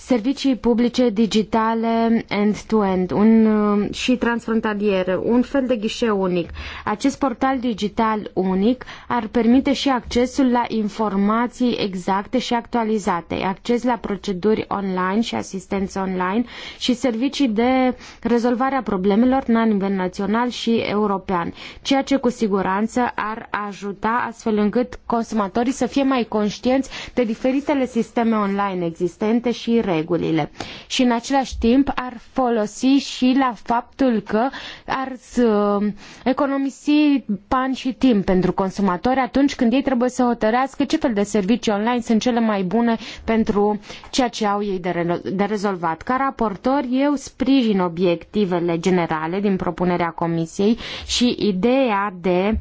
Speaker 3: servicii publice digitale end-to-end -end, un, uh, și transfrontaliere, un fel de ghișeu unic. Acest portal digital unic ar permite și accesul la informații exacte și actualizate, acces la proceduri online și asistență online și servicii de rezolvare a problemelor la nivel național și european, ceea ce cu siguranță ar ajuta astfel încât consumatorii să fie mai conștienți de diferitele sisteme online existente și regulile. Și în același timp ar folosi și la faptul că ar uh, economisi bani și timp pentru consumatori atunci când ei trebuie să hotărească ce fel de servicii online sunt cele mai bune pentru ceea ce au ei de, re- de rezolvat. Ca raportor, eu sprijin obiectivele generale din propunerea Comisiei și ideea de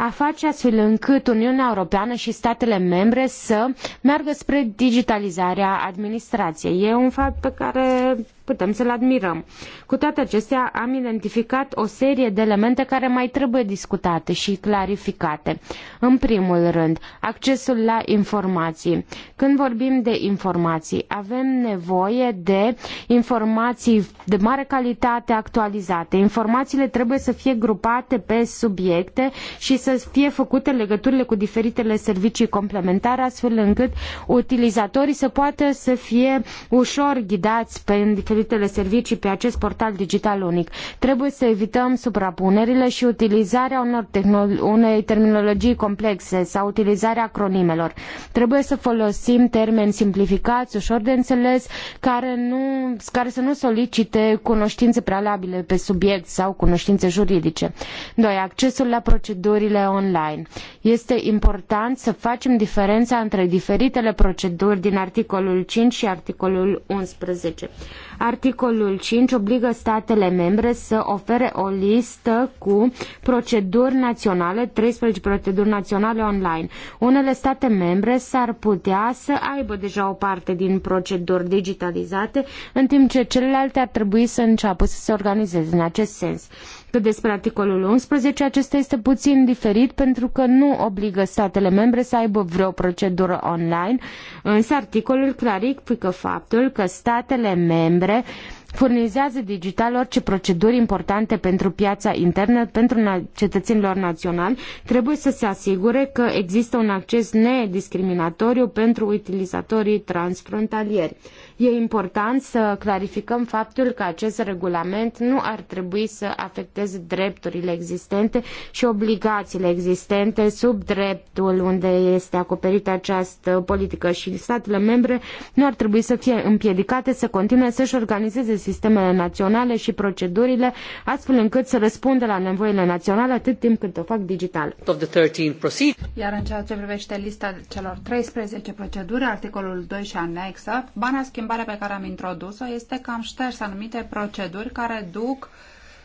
Speaker 3: a face astfel încât Uniunea Europeană și statele membre să meargă spre digitalizarea administrației. E un fapt pe care putem să-l admirăm. Cu toate acestea, am identificat o serie de elemente care mai trebuie discutate și clarificate. În primul rând, accesul la informații. Când vorbim de informații, avem nevoie de informații de mare calitate actualizate. Informațiile trebuie să fie grupate pe subiecte și să fie făcute legăturile cu diferitele servicii complementare, astfel încât utilizatorii să poată să fie ușor ghidați pe diferite diferitele servicii pe acest portal digital unic. Trebuie să evităm suprapunerile și utilizarea unor unei terminologii complexe sau utilizarea acronimelor. Trebuie să folosim termeni simplificați, ușor de înțeles, care, nu, care să nu solicite cunoștințe prealabile pe subiect sau cunoștințe juridice. 2. Accesul la procedurile online. Este important să facem diferența între diferitele proceduri din articolul 5 și articolul 11. Articolul 5 obligă statele membre să ofere o listă cu proceduri naționale, 13 proceduri naționale online. Unele state membre s-ar putea să aibă deja o parte din proceduri digitalizate, în timp ce celelalte ar trebui să înceapă să se organizeze în acest sens. Cât despre articolul 11, acesta este puțin diferit pentru că nu obligă statele membre să aibă vreo procedură online, însă articolul clarifică faptul că statele membre furnizează digital orice proceduri importante pentru piața internă, pentru na- cetățenilor naționali, trebuie să se asigure că există un acces nediscriminatoriu pentru utilizatorii transfrontalieri. E important să clarificăm faptul că acest regulament nu ar trebui să afecteze drepturile existente și obligațiile existente sub dreptul unde este acoperită această politică și statele membre nu ar trebui să fie împiedicate să continue să-și organizeze sistemele naționale și procedurile astfel încât să răspundă la nevoile naționale atât timp cât o fac digital.
Speaker 4: Iar în ceea ce privește lista celor 13 proceduri, articolul 2 și anexa, bana schimbare pe care am introdus-o este că am șters anumite proceduri care duc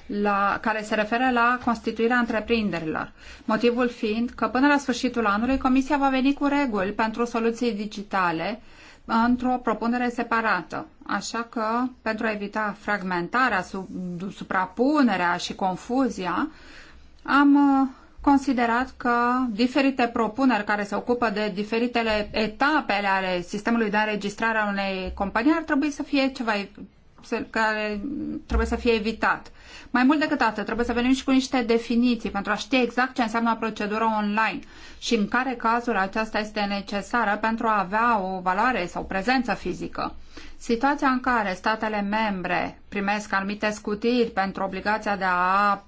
Speaker 4: la, care se referă la constituirea întreprinderilor. Motivul fiind că până la sfârșitul anului Comisia va veni cu reguli pentru soluții digitale într-o propunere separată. Așa că, pentru a evita fragmentarea, suprapunerea și confuzia, am uh, considerat că diferite propuneri care se ocupă de diferitele etape ale sistemului de înregistrare a unei companii ar trebui să fie ceva care trebuie să fie evitat. Mai mult decât atât, trebuie să venim și cu niște definiții pentru a ști exact ce înseamnă procedura online și în care cazuri aceasta este necesară pentru a avea o valoare sau prezență fizică. Situația în care statele membre primesc anumite scutiri pentru obligația de a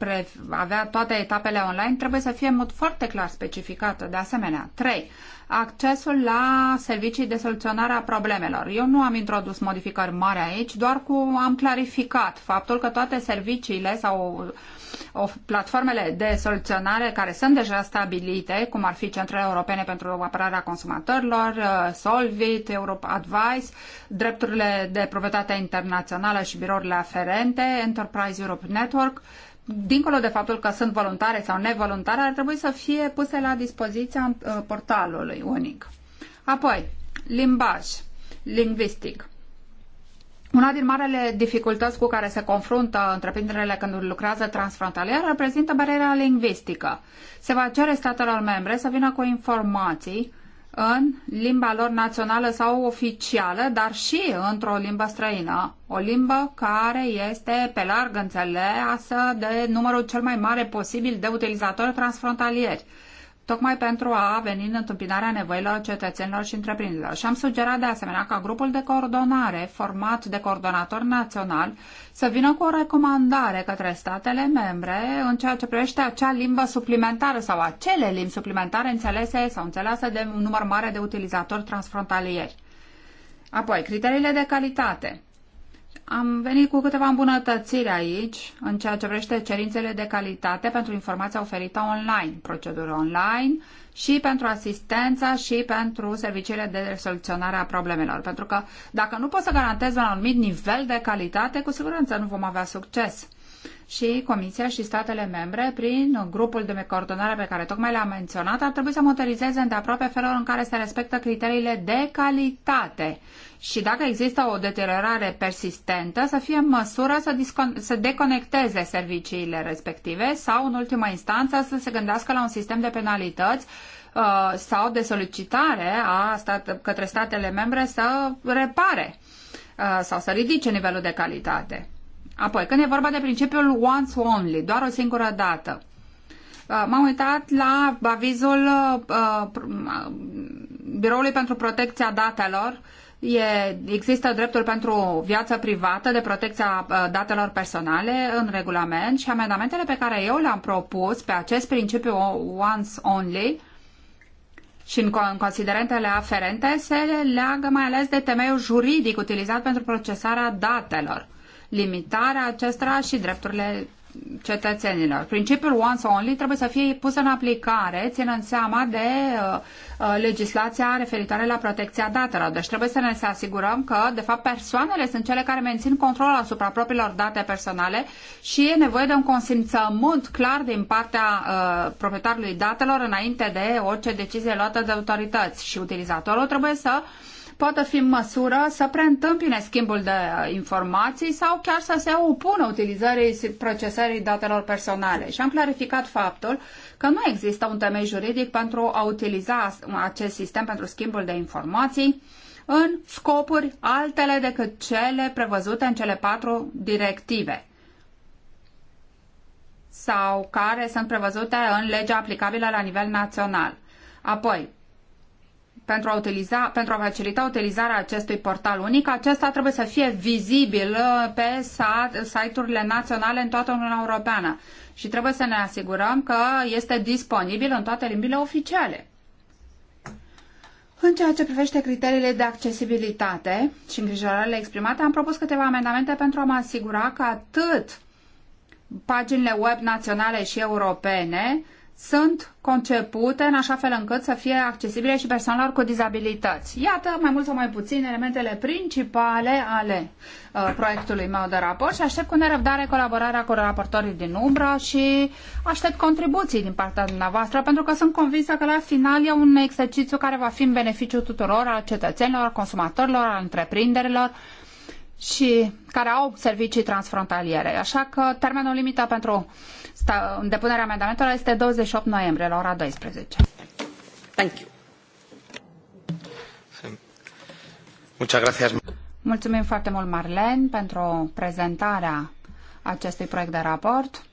Speaker 4: avea toate etapele online trebuie să fie în mod foarte clar specificată. De asemenea, 3. Accesul la servicii de soluționare a problemelor. Eu nu am introdus modificări mari aici, doar cu am clarificat faptul că toate serviciile sau uh, platformele de soluționare care sunt deja stabilite, cum ar fi Centrele Europene pentru Apărarea Consumatorilor, uh, Solvit, Europe Advice, drepturile de proprietate internațională și birourile aferente, Enterprise Europe Network, dincolo de faptul că sunt voluntare sau nevoluntare, ar trebui să fie puse la dispoziția uh, portalului unic. Apoi, limbaj, lingvistic. Una din marele dificultăți cu care se confruntă întreprinderile când lucrează transfrontalier reprezintă bariera lingvistică. Se va cere statelor membre să vină cu informații în limba lor națională sau oficială, dar și într-o limbă străină. O limbă care este pe larg înțeleasă de numărul cel mai mare posibil de utilizatori transfrontalieri tocmai pentru a veni în întâmpinarea nevoilor cetățenilor și întreprinderilor. Și am sugerat de asemenea ca grupul de coordonare format de coordonator național să vină cu o recomandare către statele membre în ceea ce privește acea limbă suplimentară sau acele limbi suplimentare înțelese sau înțelease de un număr mare de utilizatori transfrontalieri. Apoi, criteriile de calitate. Am venit cu câteva îmbunătățiri aici în ceea ce vrește cerințele de calitate pentru informația oferită online, proceduri online și pentru asistența și pentru serviciile de soluționare a problemelor. Pentru că dacă nu pot să garantez un anumit nivel de calitate, cu siguranță nu vom avea succes. Și Comisia și statele membre, prin grupul de coordonare pe care tocmai le-am menționat, ar trebui să monitorizeze îndeaproape felul în care se respectă criteriile de calitate și dacă există o deteriorare persistentă, să fie în măsură să, să deconecteze serviciile respective sau, în ultima instanță, să se gândească la un sistem de penalități uh, sau de solicitare a stat, către statele membre să repare uh, sau să ridice nivelul de calitate. Apoi, când e vorba de principiul once only, doar o singură dată, uh, M-am uitat la avizul uh, Biroului pentru Protecția Datelor E, există dreptul pentru viață privată de protecția uh, datelor personale în regulament și amendamentele pe care eu le-am propus pe acest principiu once only și în considerentele aferente se leagă mai ales de temeiul juridic utilizat pentru procesarea datelor, limitarea acestora și drepturile cetățenilor. Principiul once only trebuie să fie pus în aplicare, ținând seama de uh, uh legislația referitoare la protecția datelor. Deci trebuie să ne asigurăm că, de fapt, persoanele sunt cele care mențin controlul asupra propriilor date personale și e nevoie de un consimțământ clar din partea uh, proprietarului datelor înainte de orice decizie luată de autorități și utilizatorul trebuie să uh, poată fi în măsură să preîntâmpine schimbul de informații sau chiar să se opună utilizării procesării datelor personale. Și am clarificat faptul că nu există un temei juridic pentru a utiliza acest sistem pentru schimbul de informații în scopuri altele decât cele prevăzute în cele patru directive sau care sunt prevăzute în legea aplicabilă la nivel național. Apoi, pentru a, utiliza, pentru a facilita utilizarea acestui portal unic, acesta trebuie să fie vizibil uh, pe site-urile naționale în toată Uniunea Europeană și trebuie să ne asigurăm că este disponibil în toate limbile oficiale. În ceea ce privește criteriile de accesibilitate și îngrijorările exprimate, am propus câteva amendamente pentru a mă asigura că atât paginile web naționale și europene sunt concepute în așa fel încât să fie accesibile și persoanelor cu dizabilități. Iată, mai mult sau mai puțin, elementele principale ale uh, proiectului meu de raport și aștept cu nerăbdare colaborarea cu raportorii din umbră și aștept contribuții din partea dumneavoastră pentru că sunt convinsă că la final e un exercițiu care va fi în beneficiu tuturor al cetățenilor, consumatorilor, al întreprinderilor și care au servicii transfrontaliere. Așa că termenul limită pentru Depunerea amendamentelor este 28 noiembrie la ora 12. Thank you. Muchas gracias. Mulțumim foarte mult, Marlen, pentru prezentarea acestui proiect de raport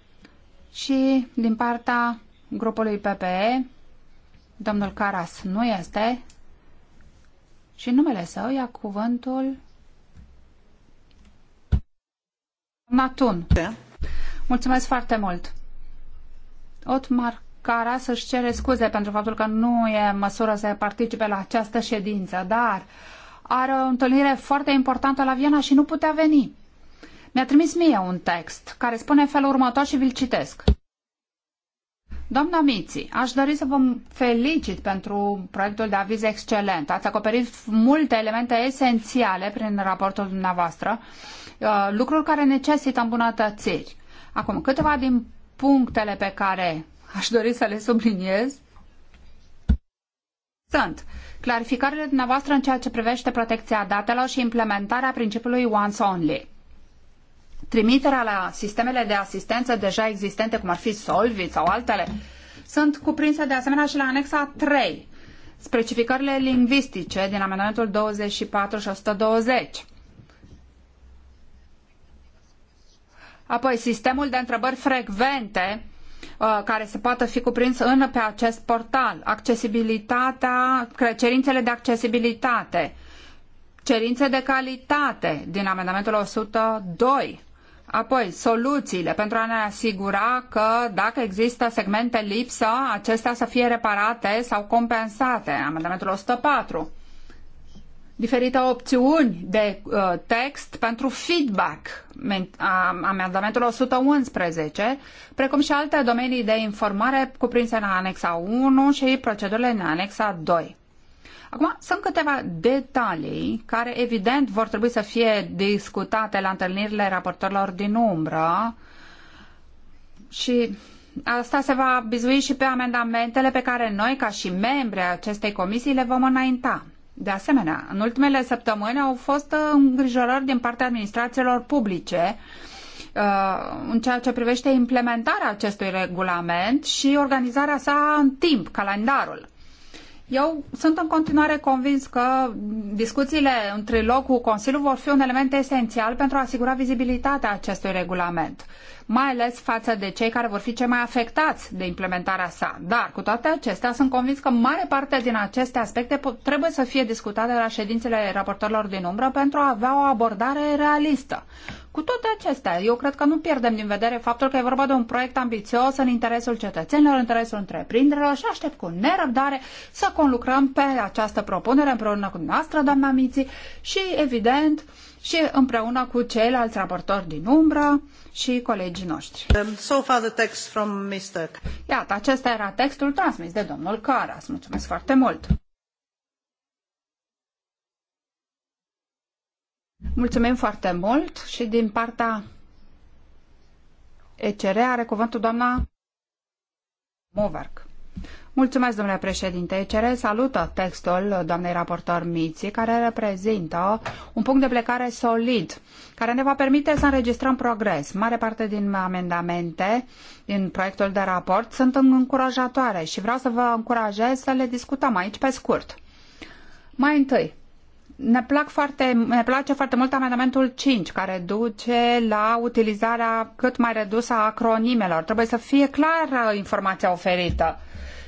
Speaker 4: și din partea grupului PPE, domnul Caras nu este și în numele său ia cuvântul Natun. Da. Mulțumesc foarte mult! Otmar Cara să-și cere scuze pentru faptul că nu e în măsură să participe la această ședință, dar are o întâlnire foarte importantă la Viena și nu putea veni. Mi-a trimis mie un text care spune felul următor și vi-l citesc. Doamna Miții, aș dori să vă felicit pentru proiectul de aviz excelent. Ați acoperit multe elemente esențiale prin raportul dumneavoastră, uh, lucruri care necesită îmbunătățiri. Acum, câteva din punctele pe care aș dori să le subliniez sunt clarificările dumneavoastră în ceea ce privește protecția datelor și implementarea principiului once only. Trimiterea la sistemele de asistență deja existente, cum ar fi Solvit sau altele, sunt cuprinse de asemenea și la anexa 3, specificările lingvistice din amendamentul 24 și 120 Apoi, sistemul de întrebări frecvente uh, care se poată fi cuprins în pe acest portal, accesibilitatea, cerințele de accesibilitate, cerințe de calitate din amendamentul 102, Apoi, soluțiile pentru a ne asigura că dacă există segmente lipsă, acestea să fie reparate sau compensate. Amendamentul 104 diferite opțiuni de uh, text pentru feedback, amendamentul 111, precum și alte domenii de informare cuprinse în anexa 1 și procedurile în anexa 2. Acum, sunt câteva detalii care, evident, vor trebui să fie discutate la întâlnirile raportorilor din umbră și asta se va bizui și pe amendamentele pe care noi, ca și membri acestei comisii, le vom înainta. De asemenea, în ultimele săptămâni au fost uh, îngrijorări din partea administrațiilor publice uh, în ceea ce privește implementarea acestui regulament și organizarea sa în timp, calendarul. Eu sunt în continuare convins că discuțiile în trilog cu Consiliul vor fi un element esențial pentru a asigura vizibilitatea acestui regulament, mai ales față de cei care vor fi cei mai afectați de implementarea sa. Dar, cu toate acestea, sunt convins că mare parte din aceste aspecte trebuie să fie discutate la ședințele raportorilor din umbră pentru a avea o abordare realistă. Cu toate acestea, eu cred că nu pierdem din vedere faptul că e vorba de un proiect ambițios în interesul cetățenilor, în interesul întreprinderilor și aștept cu nerăbdare să conlucrăm pe această propunere împreună cu noastră, doamna Miții, și evident și împreună cu ceilalți raportori din umbră și colegii noștri. Um, so far the text from Mr. Iată, acesta era textul transmis de domnul Caras. Mulțumesc foarte mult! Mulțumim foarte mult și din partea ECR are cuvântul doamna Moverc. Mulțumesc, domnule președinte. ECR salută textul doamnei raportor Miții, care reprezintă un punct de plecare solid, care ne va permite să înregistrăm progres. Mare parte din amendamente din proiectul de raport sunt încurajatoare și vreau să vă încurajez să le discutăm aici pe scurt. Mai întâi, ne, plac foarte, ne place foarte mult amendamentul 5, care duce la utilizarea cât mai redusă a acronimelor. Trebuie să fie clară uh, informația oferită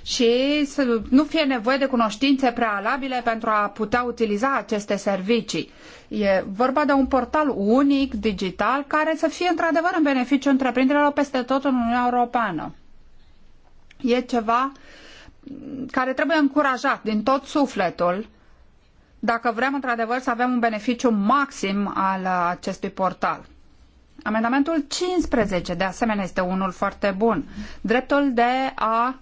Speaker 4: și să nu fie nevoie de cunoștințe prealabile pentru a putea utiliza aceste servicii. E vorba de un portal unic, digital, care să fie într-adevăr în beneficiu întreprinderilor peste tot în Uniunea Europeană. E ceva care trebuie încurajat din tot sufletul dacă vrem într-adevăr să avem un beneficiu maxim al acestui portal. Amendamentul 15, de asemenea, este unul foarte bun. Dreptul de a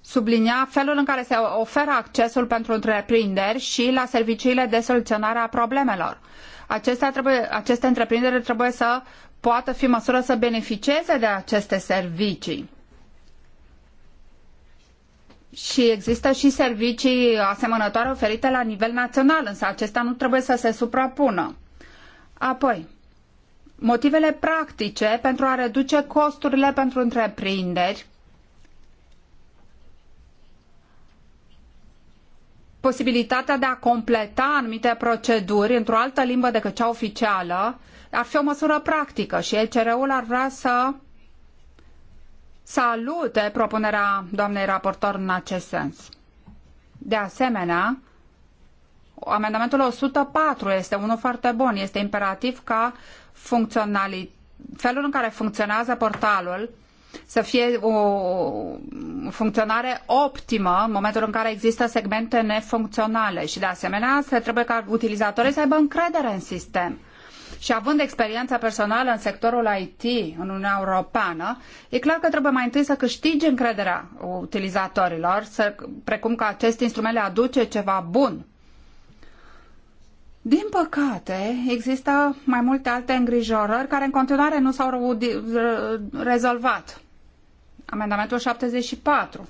Speaker 4: sublinia felul în care se oferă accesul pentru întreprinderi și la serviciile de soluționare a problemelor. Acestea trebuie, aceste întreprinderi trebuie să poată fi măsură să beneficieze de aceste servicii și există și servicii asemănătoare oferite la nivel național, însă acestea nu trebuie să se suprapună. Apoi, motivele practice pentru a reduce costurile pentru întreprinderi, posibilitatea de a completa anumite proceduri într-o altă limbă decât cea oficială, ar fi o măsură practică și ECR-ul ar vrea să salute propunerea doamnei raportor în acest sens. De asemenea, amendamentul 104 este unul foarte bun. Este imperativ ca felul în care funcționează portalul să fie o funcționare optimă în momentul în care există segmente nefuncționale și de asemenea se trebuie ca utilizatorii să aibă încredere în sistem și având experiența personală în sectorul IT în Uniunea Europeană, e clar că trebuie mai întâi să câștigi încrederea utilizatorilor, să, precum că acest instrument le aduce ceva bun. Din păcate, există mai multe alte îngrijorări care în continuare nu s-au rezolvat. Amendamentul 74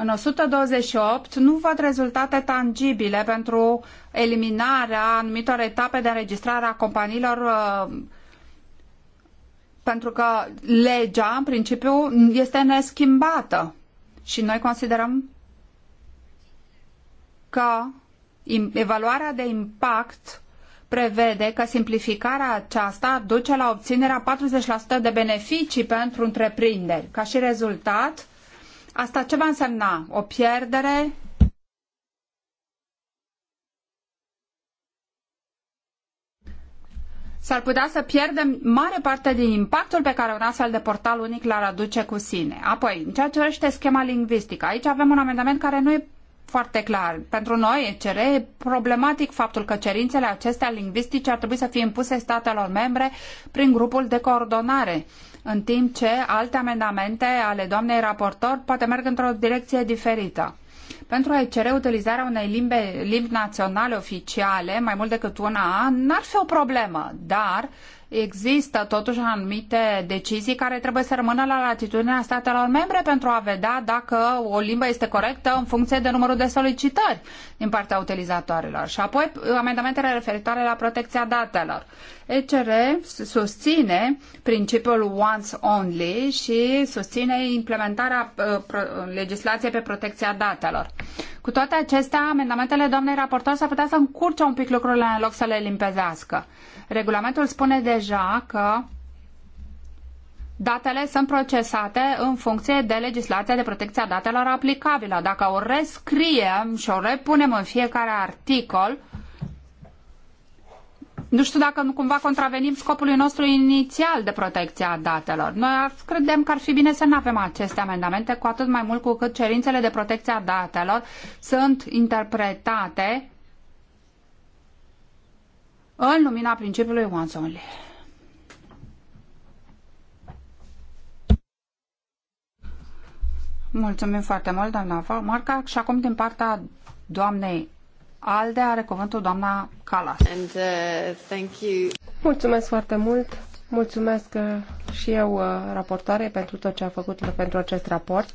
Speaker 4: în 128 nu văd rezultate tangibile pentru eliminarea anumitor etape de înregistrare a companiilor uh, pentru că legea, în principiu, este neschimbată. Și noi considerăm că evaluarea de impact prevede că simplificarea aceasta duce la obținerea 40% de beneficii pentru întreprinderi. Ca și rezultat, Asta ce va însemna? O pierdere s-ar putea să pierdem mare parte din impactul pe care un astfel de portal unic l-ar aduce cu sine. Apoi, în ceea ce privește schema lingvistică, aici avem un amendament care nu e foarte clar. Pentru noi, ECR, e problematic faptul că cerințele acestea lingvistice ar trebui să fie impuse statelor membre prin grupul de coordonare în timp ce alte amendamente ale doamnei raportor poate merg într-o direcție diferită. Pentru a-i cere utilizarea unei limbe, limbi naționale oficiale, mai mult decât una, n-ar fi o problemă, dar există totuși anumite decizii care trebuie să rămână la latitudinea statelor membre pentru a vedea dacă o limbă este corectă în funcție de numărul de solicitări din partea utilizatorilor. Și apoi amendamentele referitoare la protecția datelor. ECR susține principiul once only și susține implementarea uh, legislației pe protecția datelor. Cu toate acestea, amendamentele doamnei raportor s-ar putea să încurce un pic lucrurile în loc să le limpezească. Regulamentul spune deja că Datele sunt procesate în funcție de legislația de protecție a datelor aplicabilă. Dacă o rescriem și o repunem în fiecare articol, nu știu dacă nu cumva contravenim scopului nostru inițial de protecție a datelor. Noi credem că ar fi bine să nu avem aceste amendamente, cu atât mai mult cu cât cerințele de protecție a datelor sunt interpretate în lumina principiului once only. Mulțumim foarte mult, doamna Marca. Și acum din partea doamnei ALDE are cuvântul doamna Calas. And, uh, thank you. Mulțumesc foarte mult. Mulțumesc uh, și eu, uh, raportoare, pentru
Speaker 1: tot ce a făcut pentru acest raport.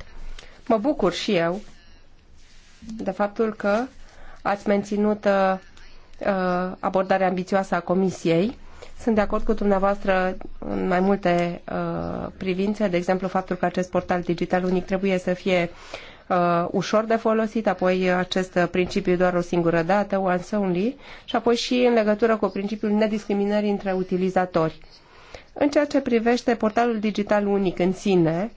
Speaker 1: Mă bucur și eu de faptul că ați menținut uh, uh, abordarea ambițioasă a Comisiei. Sunt de acord cu dumneavoastră în mai multe uh, privințe, de exemplu faptul că acest portal digital unic trebuie să fie uh, uh, ușor de folosit, apoi acest principiu doar o singură dată, once only, și apoi și în legătură cu principiul nediscriminării între utilizatori. În ceea ce privește portalul digital unic în sine,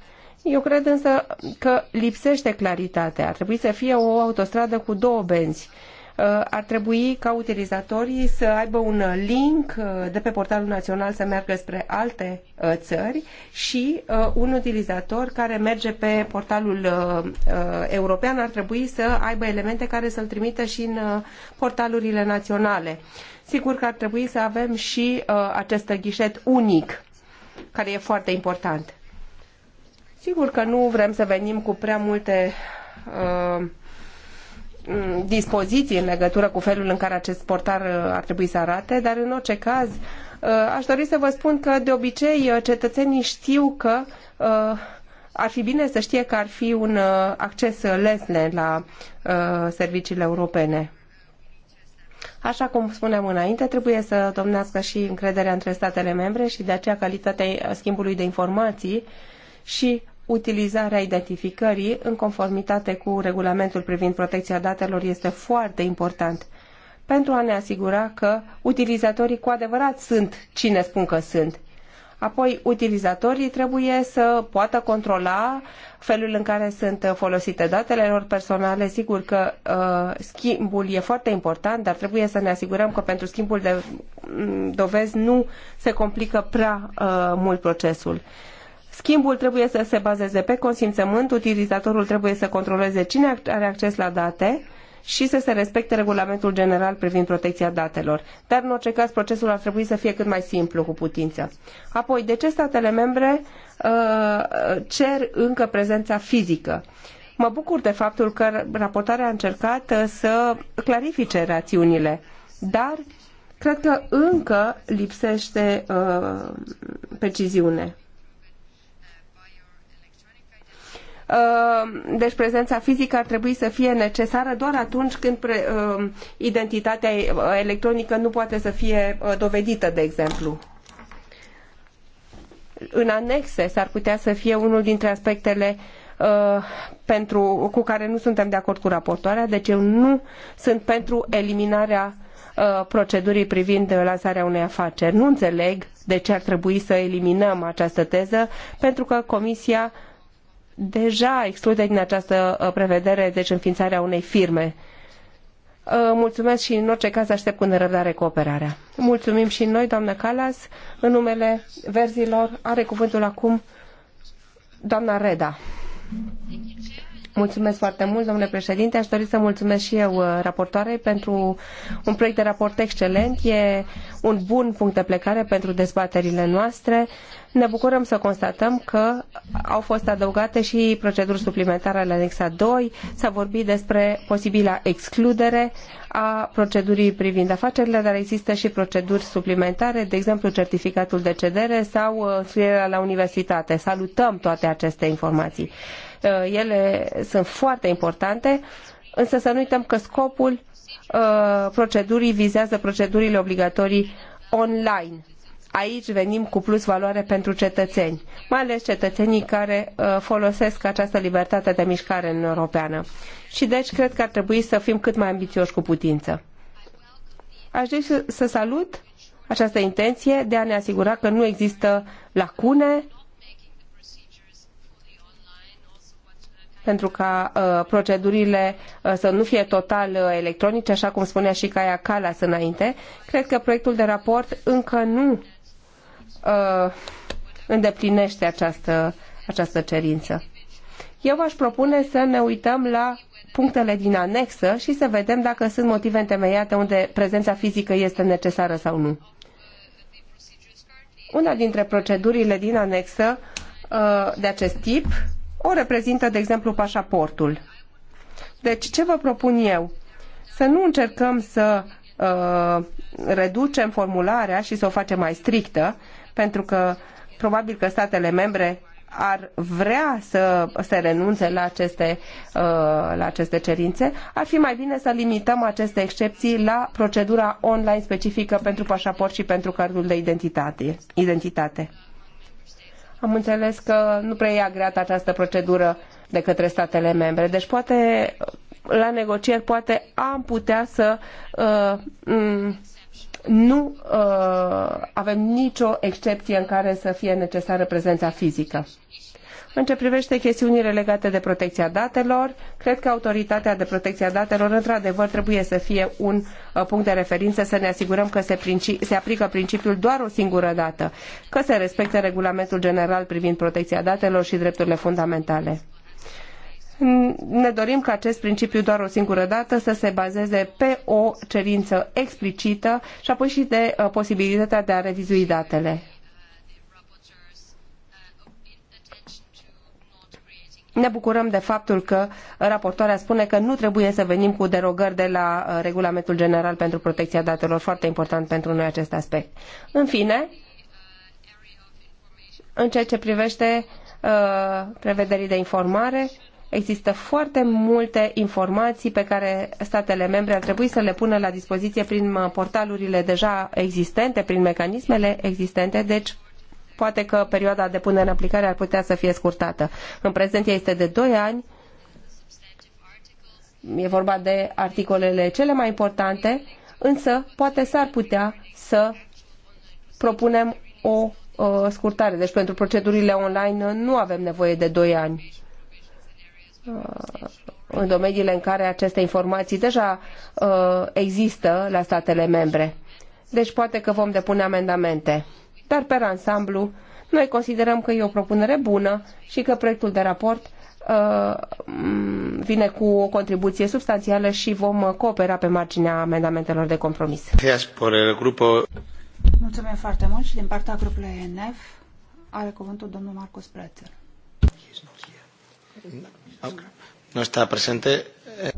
Speaker 1: eu cred însă că lipsește claritatea. Ar trebui să fie o autostradă cu două benzi Uh, ar trebui ca utilizatorii să aibă un link uh, de pe portalul național să meargă spre alte uh, țări și un utilizator care merge pe portalul european ar trebui să aibă elemente care să-l trimită și în portalurile naționale. Sigur că ar trebui să avem și acest ghișet unic, care e foarte important. Sigur că nu vrem să venim cu prea multe uh, Mm, dispoziții în legătură cu felul în care acest portar uh, ar trebui să arate, dar în orice caz uh, aș dori să vă spun că de obicei uh, cetățenii știu că ar fi bine să știe că ar fi un acces lesne la serviciile europene. Așa cum spuneam înainte, trebuie să domnească și încrederea între statele membre și de aceea calitatea schimbului de informații și utilizarea identificării în conformitate cu regulamentul privind protecția datelor este foarte important pentru a ne asigura că utilizatorii cu adevărat sunt cine spun că sunt. Apoi, utilizatorii trebuie să poată controla felul în care sunt folosite datele lor personale. Sigur că uh, schimbul e foarte important, dar trebuie să ne asigurăm că pentru schimbul de mm, dovezi nu se complică prea uh, mult procesul. Uh, Schimbul trebuie să se bazeze pe consimțământ, utilizatorul trebuie să controleze cine are acces la date și să se respecte regulamentul general privind protecția datelor. Dar, în orice caz, procesul ar trebui să fie cât mai simplu cu putință. Apoi, de ce statele membre uh, cer încă prezența fizică? Mă bucur de faptul că raportarea a încercat uh, să clarifice rațiunile, dar cred că încă lipsește uh, preciziune. Uh, deci prezența fizică ar trebui să fie necesară doar atunci când uh, identitatea electronică nu poate să fie uh, dovedită, de exemplu în anexe s-ar putea să fie unul dintre aspectele uh, pentru, cu care nu suntem de acord cu raportoarea, deci eu nu sunt pentru eliminarea procedurii privind lansarea unei afaceri. Nu înțeleg de ce ar trebui să eliminăm această teză, pentru că Comisia uh, deja exclude din această uh, prevedere, deci înființarea unei firme. Uh, mulțumesc și în orice caz aștept cu nerăbdare cooperarea. Mulțumim și noi, doamnă Calas. În numele verzilor are cuvântul acum doamna Reda. Mulțumesc foarte mult, domnule președinte. Aș dori să mulțumesc și eu uh, raportoarei pentru un proiect de raport excelent. E un bun punct de plecare pentru dezbaterile noastre. Ne bucurăm să constatăm că au fost adăugate și proceduri suplimentare la anexa 2. S-a vorbit despre posibila excludere a procedurii privind afacerile, dar există și proceduri suplimentare, de exemplu certificatul de cedere sau uh, scrierea la universitate. Salutăm toate aceste informații. Eh, ele sunt foarte importante, însă să nu uităm că scopul eh, procedurii vizează procedurile obligatorii online. Aici venim cu plus valoare pentru cetățeni, mai ales cetățenii care eh, folosesc această libertate de mișcare în Europeană. Și deci cred că ar trebui să fim cât mai ambițioși cu putință. Aș dori să salut această intenție de a ne asigura că nu există lacune pentru ca uh, procedurile uh, să nu fie total uh, electronice, așa cum spunea și Caia Calas înainte. Cred că proiectul de raport încă nu îndeplinește această, această cerință. Eu aș propune să ne uităm la punctele din anexă și să vedem dacă sunt motive întemeiate unde prezența fizică este necesară sau nu. Una dintre procedurile din anexă de acest tip o reprezintă, de exemplu, pașaportul. Deci, ce vă propun eu? Să nu încercăm să uh, reducem formularea și să o facem mai strictă, pentru că probabil că statele membre ar vrea să se renunțe la aceste, uh, la aceste cerințe, ar fi mai bine să limităm aceste excepții la procedura online specifică pentru pașaport și pentru cardul de identitate. identitate. Am înțeles că nu prea e agreată această procedură de către statele membre. Deci poate la negocieri poate am putea să uh, nu uh, avem nicio excepție în care să fie necesară prezența fizică. În ce privește chestiunile legate de protecția datelor, cred că autoritatea de protecția a datelor, într-adevăr, trebuie să fie un uh, punct de referință, să ne asigurăm că se, princi- se aplică principiul doar o singură dată, că se respectă regulamentul general privind protecția datelor și drepturile fundamentale. Ne dorim ca acest principiu doar o singură dată să se bazeze pe o cerință explicită și apoi și de uh, posibilitatea de a revizui datele. Ne bucurăm de faptul că raportoarea spune că nu trebuie să venim cu derogări de la uh, Regulamentul General pentru Protecția Datelor. Foarte important pentru noi acest aspect. În fine, în ceea ce privește uh, prevederii de informare, există foarte multe informații pe care statele membre ar trebui să le pună la dispoziție prin uh, portalurile deja existente, prin mecanismele existente, deci poate că perioada de punere în aplicare ar putea să fie scurtată. În prezent este de 2 ani. E vorba de articolele cele mai importante, însă poate s-ar putea să propunem o uh, scurtare. Deci pentru procedurile online nu avem nevoie de 2 ani uh, în domeniile în care aceste informații deja uh, există la statele membre. Deci poate că vom depune amendamente dar pe ansamblu noi considerăm că e o propunere bună și că proiectul de raport uh, vine cu o contribuție substanțială și vom coopera pe marginea amendamentelor de compromis.
Speaker 4: Mulțumim foarte mult și din partea grupului ENF are cuvântul domnul Marcus Prețel.
Speaker 1: Nu este prezent.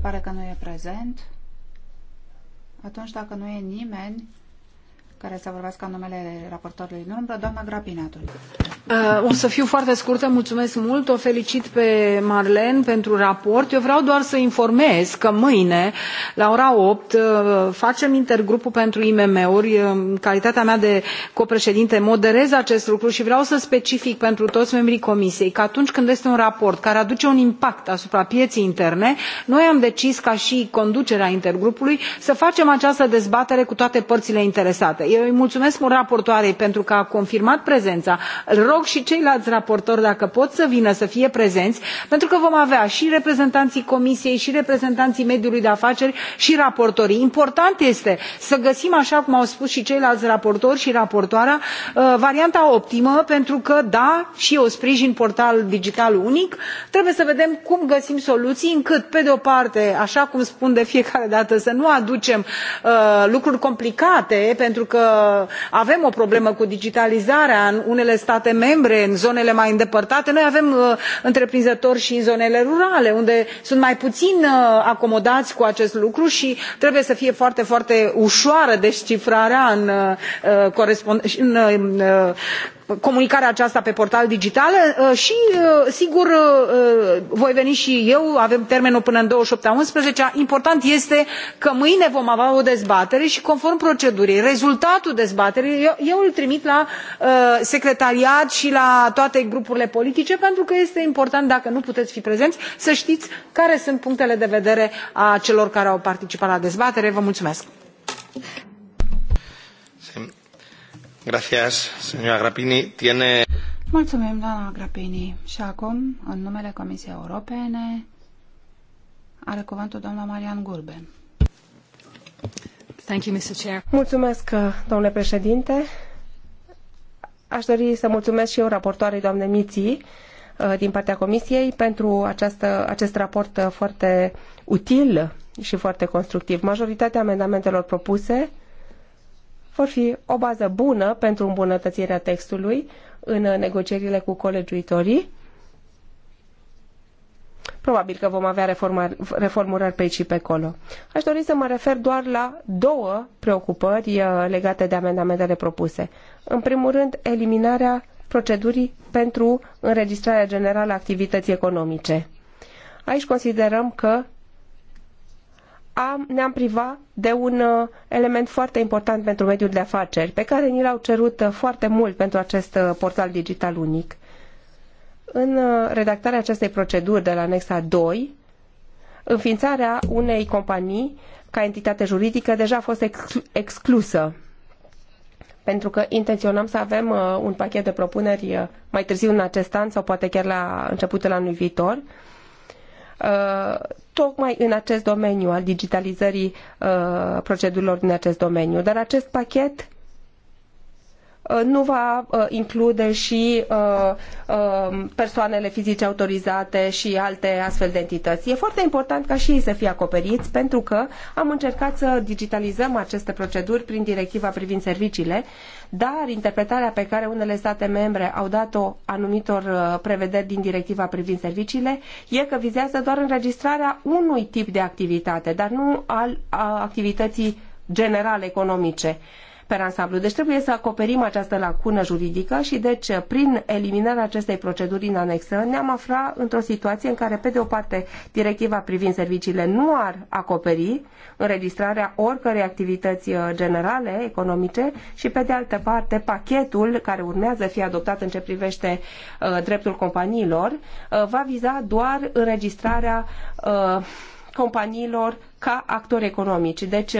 Speaker 4: Pare că nu e prezent. Atunci, dacă nu e nimeni care să vorbească în numele raportorului în urmă, doamna Grapinatul.
Speaker 2: Uh, o să fiu foarte scurtă, mulțumesc mult, o felicit pe Marlen pentru raport. Eu vreau doar să informez că mâine, la ora 8, uh, facem intergrupul pentru IMM-uri. Uh, în calitatea mea de copreședinte moderez acest lucru și vreau să specific pentru toți membrii Comisiei că atunci când este un raport care aduce un impact asupra pieței interne, noi am decis ca și conducerea intergrupului să facem această dezbatere cu toate părțile interesate eu îi mulțumesc raportoarei pentru că a confirmat prezența îl rog și ceilalți raportori dacă pot să vină să fie prezenți pentru că vom avea și reprezentanții comisiei și reprezentanții mediului de afaceri și raportorii. important este să găsim așa cum au spus și ceilalți raportori și raportoarea uh, varianta optimă pentru că da și eu sprijin portalul digital unic trebuie să vedem cum găsim soluții încât pe de o parte așa cum spun de fiecare dată să nu aducem uh, lucruri complicate pentru că că avem o problemă cu digitalizarea în unele state membre în zonele mai îndepărtate noi avem uh, întreprinzători și în zonele rurale unde sunt mai puțin uh, acomodați cu acest lucru și trebuie să fie foarte foarte ușoară descifrarea în, uh, în comunicarea aceasta pe portal digital uh, și uh, sigur uh, voi veni și eu avem termenul până în douăzeci și opt unsprezece important este că mâine vom avea o dezbatere și conform procedurii rezultatul dezbaterii eu, eu îl trimit la secretariat și la toate grupurile politice pentru că este important dacă nu puteți fi prezenți să știți care sunt punctele de vedere ale celor care au participat la dezbatere. vă mulțumesc.
Speaker 4: Gracias, señora Grapini. Tiene... Mulțumim, doamna Grapini. Și acum, în numele Comisiei Europene, are cuvântul doamna Marian Gurben. Thank you, Mr. Chair.
Speaker 1: Mulțumesc, domnule președinte. Aș dori să mulțumesc și eu raportoarei doamne Miții din partea Comisiei pentru această, acest raport foarte util și foarte constructiv. Majoritatea amendamentelor propuse vor fi o bază bună pentru îmbunătățirea textului în negocierile cu colegiuitorii. Probabil că vom avea reformulări pe aici și pe acolo. Aș dori să mă refer doar la două preocupări uh, legate de amendamentele propuse. În primul rând, eliminarea procedurii pentru înregistrarea generală a activității economice. Aici considerăm că ne-am privat de un uh, element foarte important pentru mediul de afaceri, pe care ni l-au cerut uh, foarte mult pentru acest uh, portal digital unic. În redactarea acestei proceduri de la anexa 2, înființarea unei companii ca entitate juridică deja a fost exclusă pentru că intenționam să avem un pachet de propuneri mai târziu în acest an sau poate chiar la începutul anului viitor. Uh, tocmai în acest domeniu al digitalizării uh, procedurilor din acest domeniu. Dar acest pachet Uh, nu va uh, include și uh, persoanele fizice autorizate și alte astfel de entități. E foarte important ca și ei să fie acoperiți pentru că am încercat să digitalizăm aceste proceduri prin directiva privind serviciile, dar interpretarea pe care unele state membre au dat-o anumitor prevederi din directiva privind serviciile e că vizează doar înregistrarea unui tip de activitate, dar nu al activității general economice. Uh, pe ansamblu. Deci trebuie să acoperim această lacună juridică și deci prin eliminarea acestei proceduri în anexă ne-am afla într-o situație în care pe de o parte directiva privind serviciile nu ar acoperi înregistrarea oricărei activități uh, generale, economice și pe de altă parte pachetul care urmează fi adoptat în ce privește uh, dreptul companiilor uh, va viza doar înregistrarea uh, companiilor ca actori economici. Deci, uh,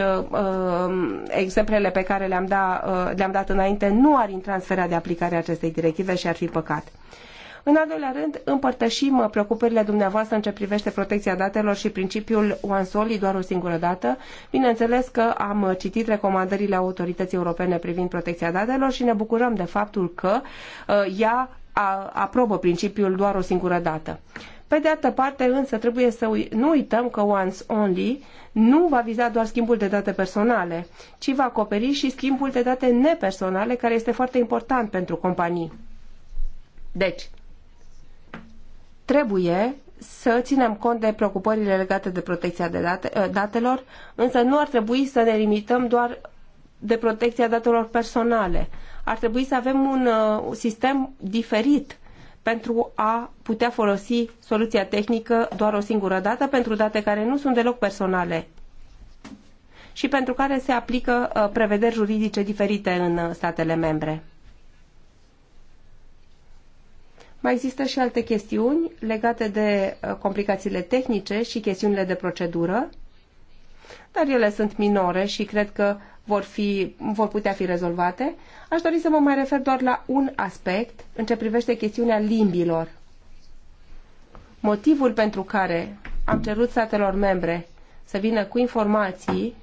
Speaker 1: um, exemplele pe care le-am dat, uh, le dat înainte nu ar intra în sfera de aplicare a acestei directive și ar fi păcat. În al doilea rând, împărtășim uh, preocupările dumneavoastră în ce privește protecția datelor și principiul One Soli doar o singură dată. Bineînțeles că am citit recomandările autorității europene privind protecția datelor și ne bucurăm de faptul că ea aprobă principiul doar o singură dată. Pe de altă parte, însă, trebuie să ui- nu uităm că Once Only nu va viza doar schimbul de date personale, ci va acoperi și schimbul de date nepersonale, care este foarte important pentru companii. Deci, trebuie să ținem cont de preocupările legate de protecția de date, ă, datelor, însă nu ar trebui să ne limităm doar de protecția datelor personale. Ar trebui să avem un uh, sistem diferit pentru a putea folosi soluția tehnică doar o singură dată pentru date care nu sunt deloc personale și pentru care se aplică uh, prevederi juridice diferite în uh, statele membre. Mai există și alte chestiuni legate de uh, complicațiile tehnice și chestiunile de procedură, dar ele sunt minore și cred că vor, fi, vor putea fi rezolvate. Aș dori să mă mai refer doar la un aspect în ce privește chestiunea limbilor. Motivul pentru care am cerut statelor membre să vină cu informații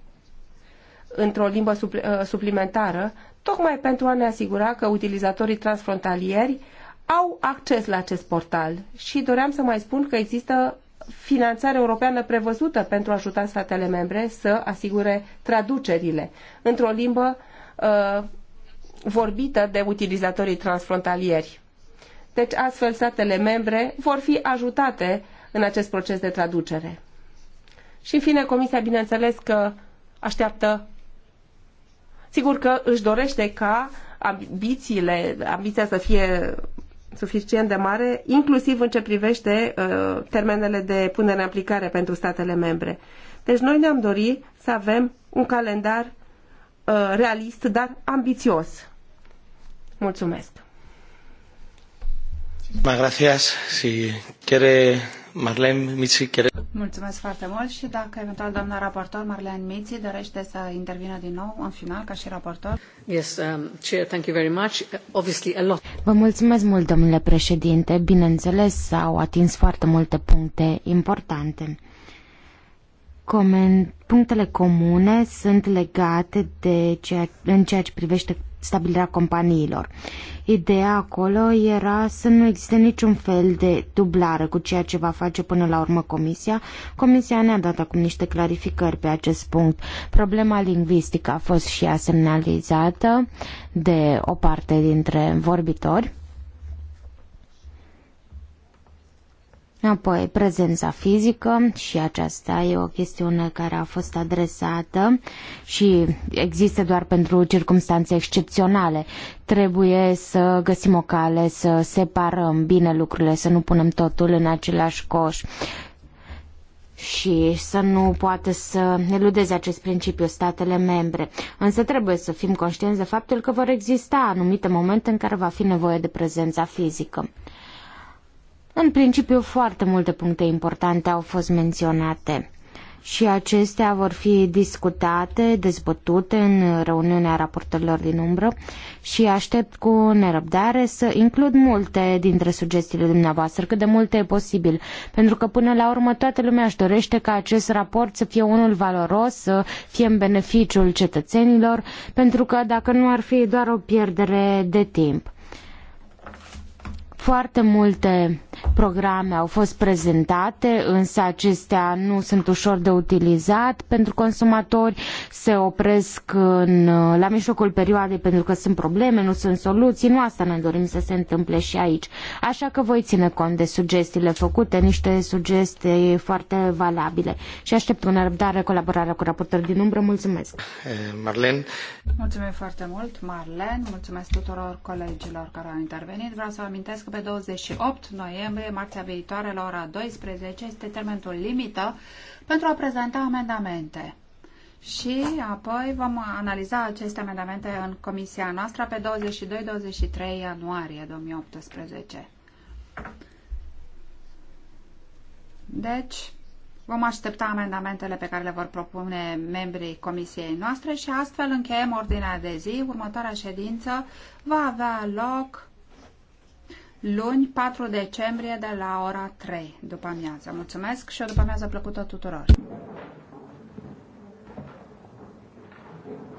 Speaker 1: într-o limbă uh, suplimentară, tocmai pentru a ne asigura că utilizatorii transfrontalieri au acces la acest portal și doream să mai spun că există finanțare europeană prevăzută pentru a ajuta statele membre să asigure traducerile într-o limbă uh, vorbită de utilizatorii transfrontalieri. Deci astfel statele membre vor fi ajutate în acest proces de traducere. Și în fine, Comisia bineînțeles că așteaptă, sigur că își dorește ca ambițiile, ambiția să fie suficient de mare, inclusiv în ce privește uh, termenele de punere în aplicare pentru statele membre. Deci noi ne-am dorit să avem un calendar uh, realist, dar ambițios. Mulțumesc. Mă gracias. Si
Speaker 2: quiere Marlene Michi, quiere
Speaker 4: Mulțumesc foarte mult și dacă eventual doamna raportor Marlean Miții dorește să intervină din nou în final ca și raportor. Yes, um, Chair, thank you very much. Obviously a lot.
Speaker 3: Vă mulțumesc mult, domnule președinte. Bineînțeles, s-au atins foarte multe puncte importante punctele comune sunt legate de ceea, în ceea ce privește stabilirea companiilor. Ideea acolo era să nu existe niciun fel de dublare cu ceea ce va face până la urmă Comisia. Comisia ne-a dat acum niște clarificări pe acest punct. Problema lingvistică a fost și ea semnalizată de o parte dintre vorbitori. Apoi, prezența fizică și aceasta e o chestiune care a fost adresată și există doar pentru circunstanțe excepționale. Trebuie să găsim o cale, să separăm bine lucrurile, să nu punem totul în același coș și să nu poată să eludeze acest principiu statele membre. Însă trebuie să fim conștienți de faptul că vor exista anumite momente în care va fi nevoie de prezența fizică. În principiu, foarte multe puncte importante au fost menționate și acestea vor fi discutate, dezbătute în reuniunea raportelor din umbră și aștept cu nerăbdare să includ multe dintre sugestiile dumneavoastră, cât de multe e posibil, pentru că până la urmă toată lumea își dorește ca acest raport să fie unul valoros, să fie în beneficiul cetățenilor, pentru că dacă nu ar fi doar o pierdere de timp. Foarte multe programe au fost prezentate, însă acestea nu sunt ușor de utilizat pentru consumatori, se opresc în, la mijlocul perioadei pentru că sunt probleme, nu sunt soluții, nu asta ne dorim să se întâmple și aici. Așa că voi ține cont de sugestiile făcute, niște sugestii foarte valabile și aștept cu nerăbdare colaborarea cu raportori din umbră. Mulțumesc!
Speaker 4: Eh, Marlen. Mulțumim foarte mult, Marlen, mulțumesc tuturor colegilor care au intervenit. Vreau să amintesc că pe 28 noiembrie, marțea viitoare, la ora 12, este termenul limită pentru a prezenta amendamente. Și apoi vom analiza aceste amendamente în comisia noastră pe 22-23 ianuarie 2018. Deci, vom aștepta amendamentele pe care le vor propune membrii comisiei noastre și astfel încheiem ordinea de zi. Următoarea ședință va avea loc luni 4 decembrie de la ora 3 după amiază. Mulțumesc și o după amiază plăcută tuturor!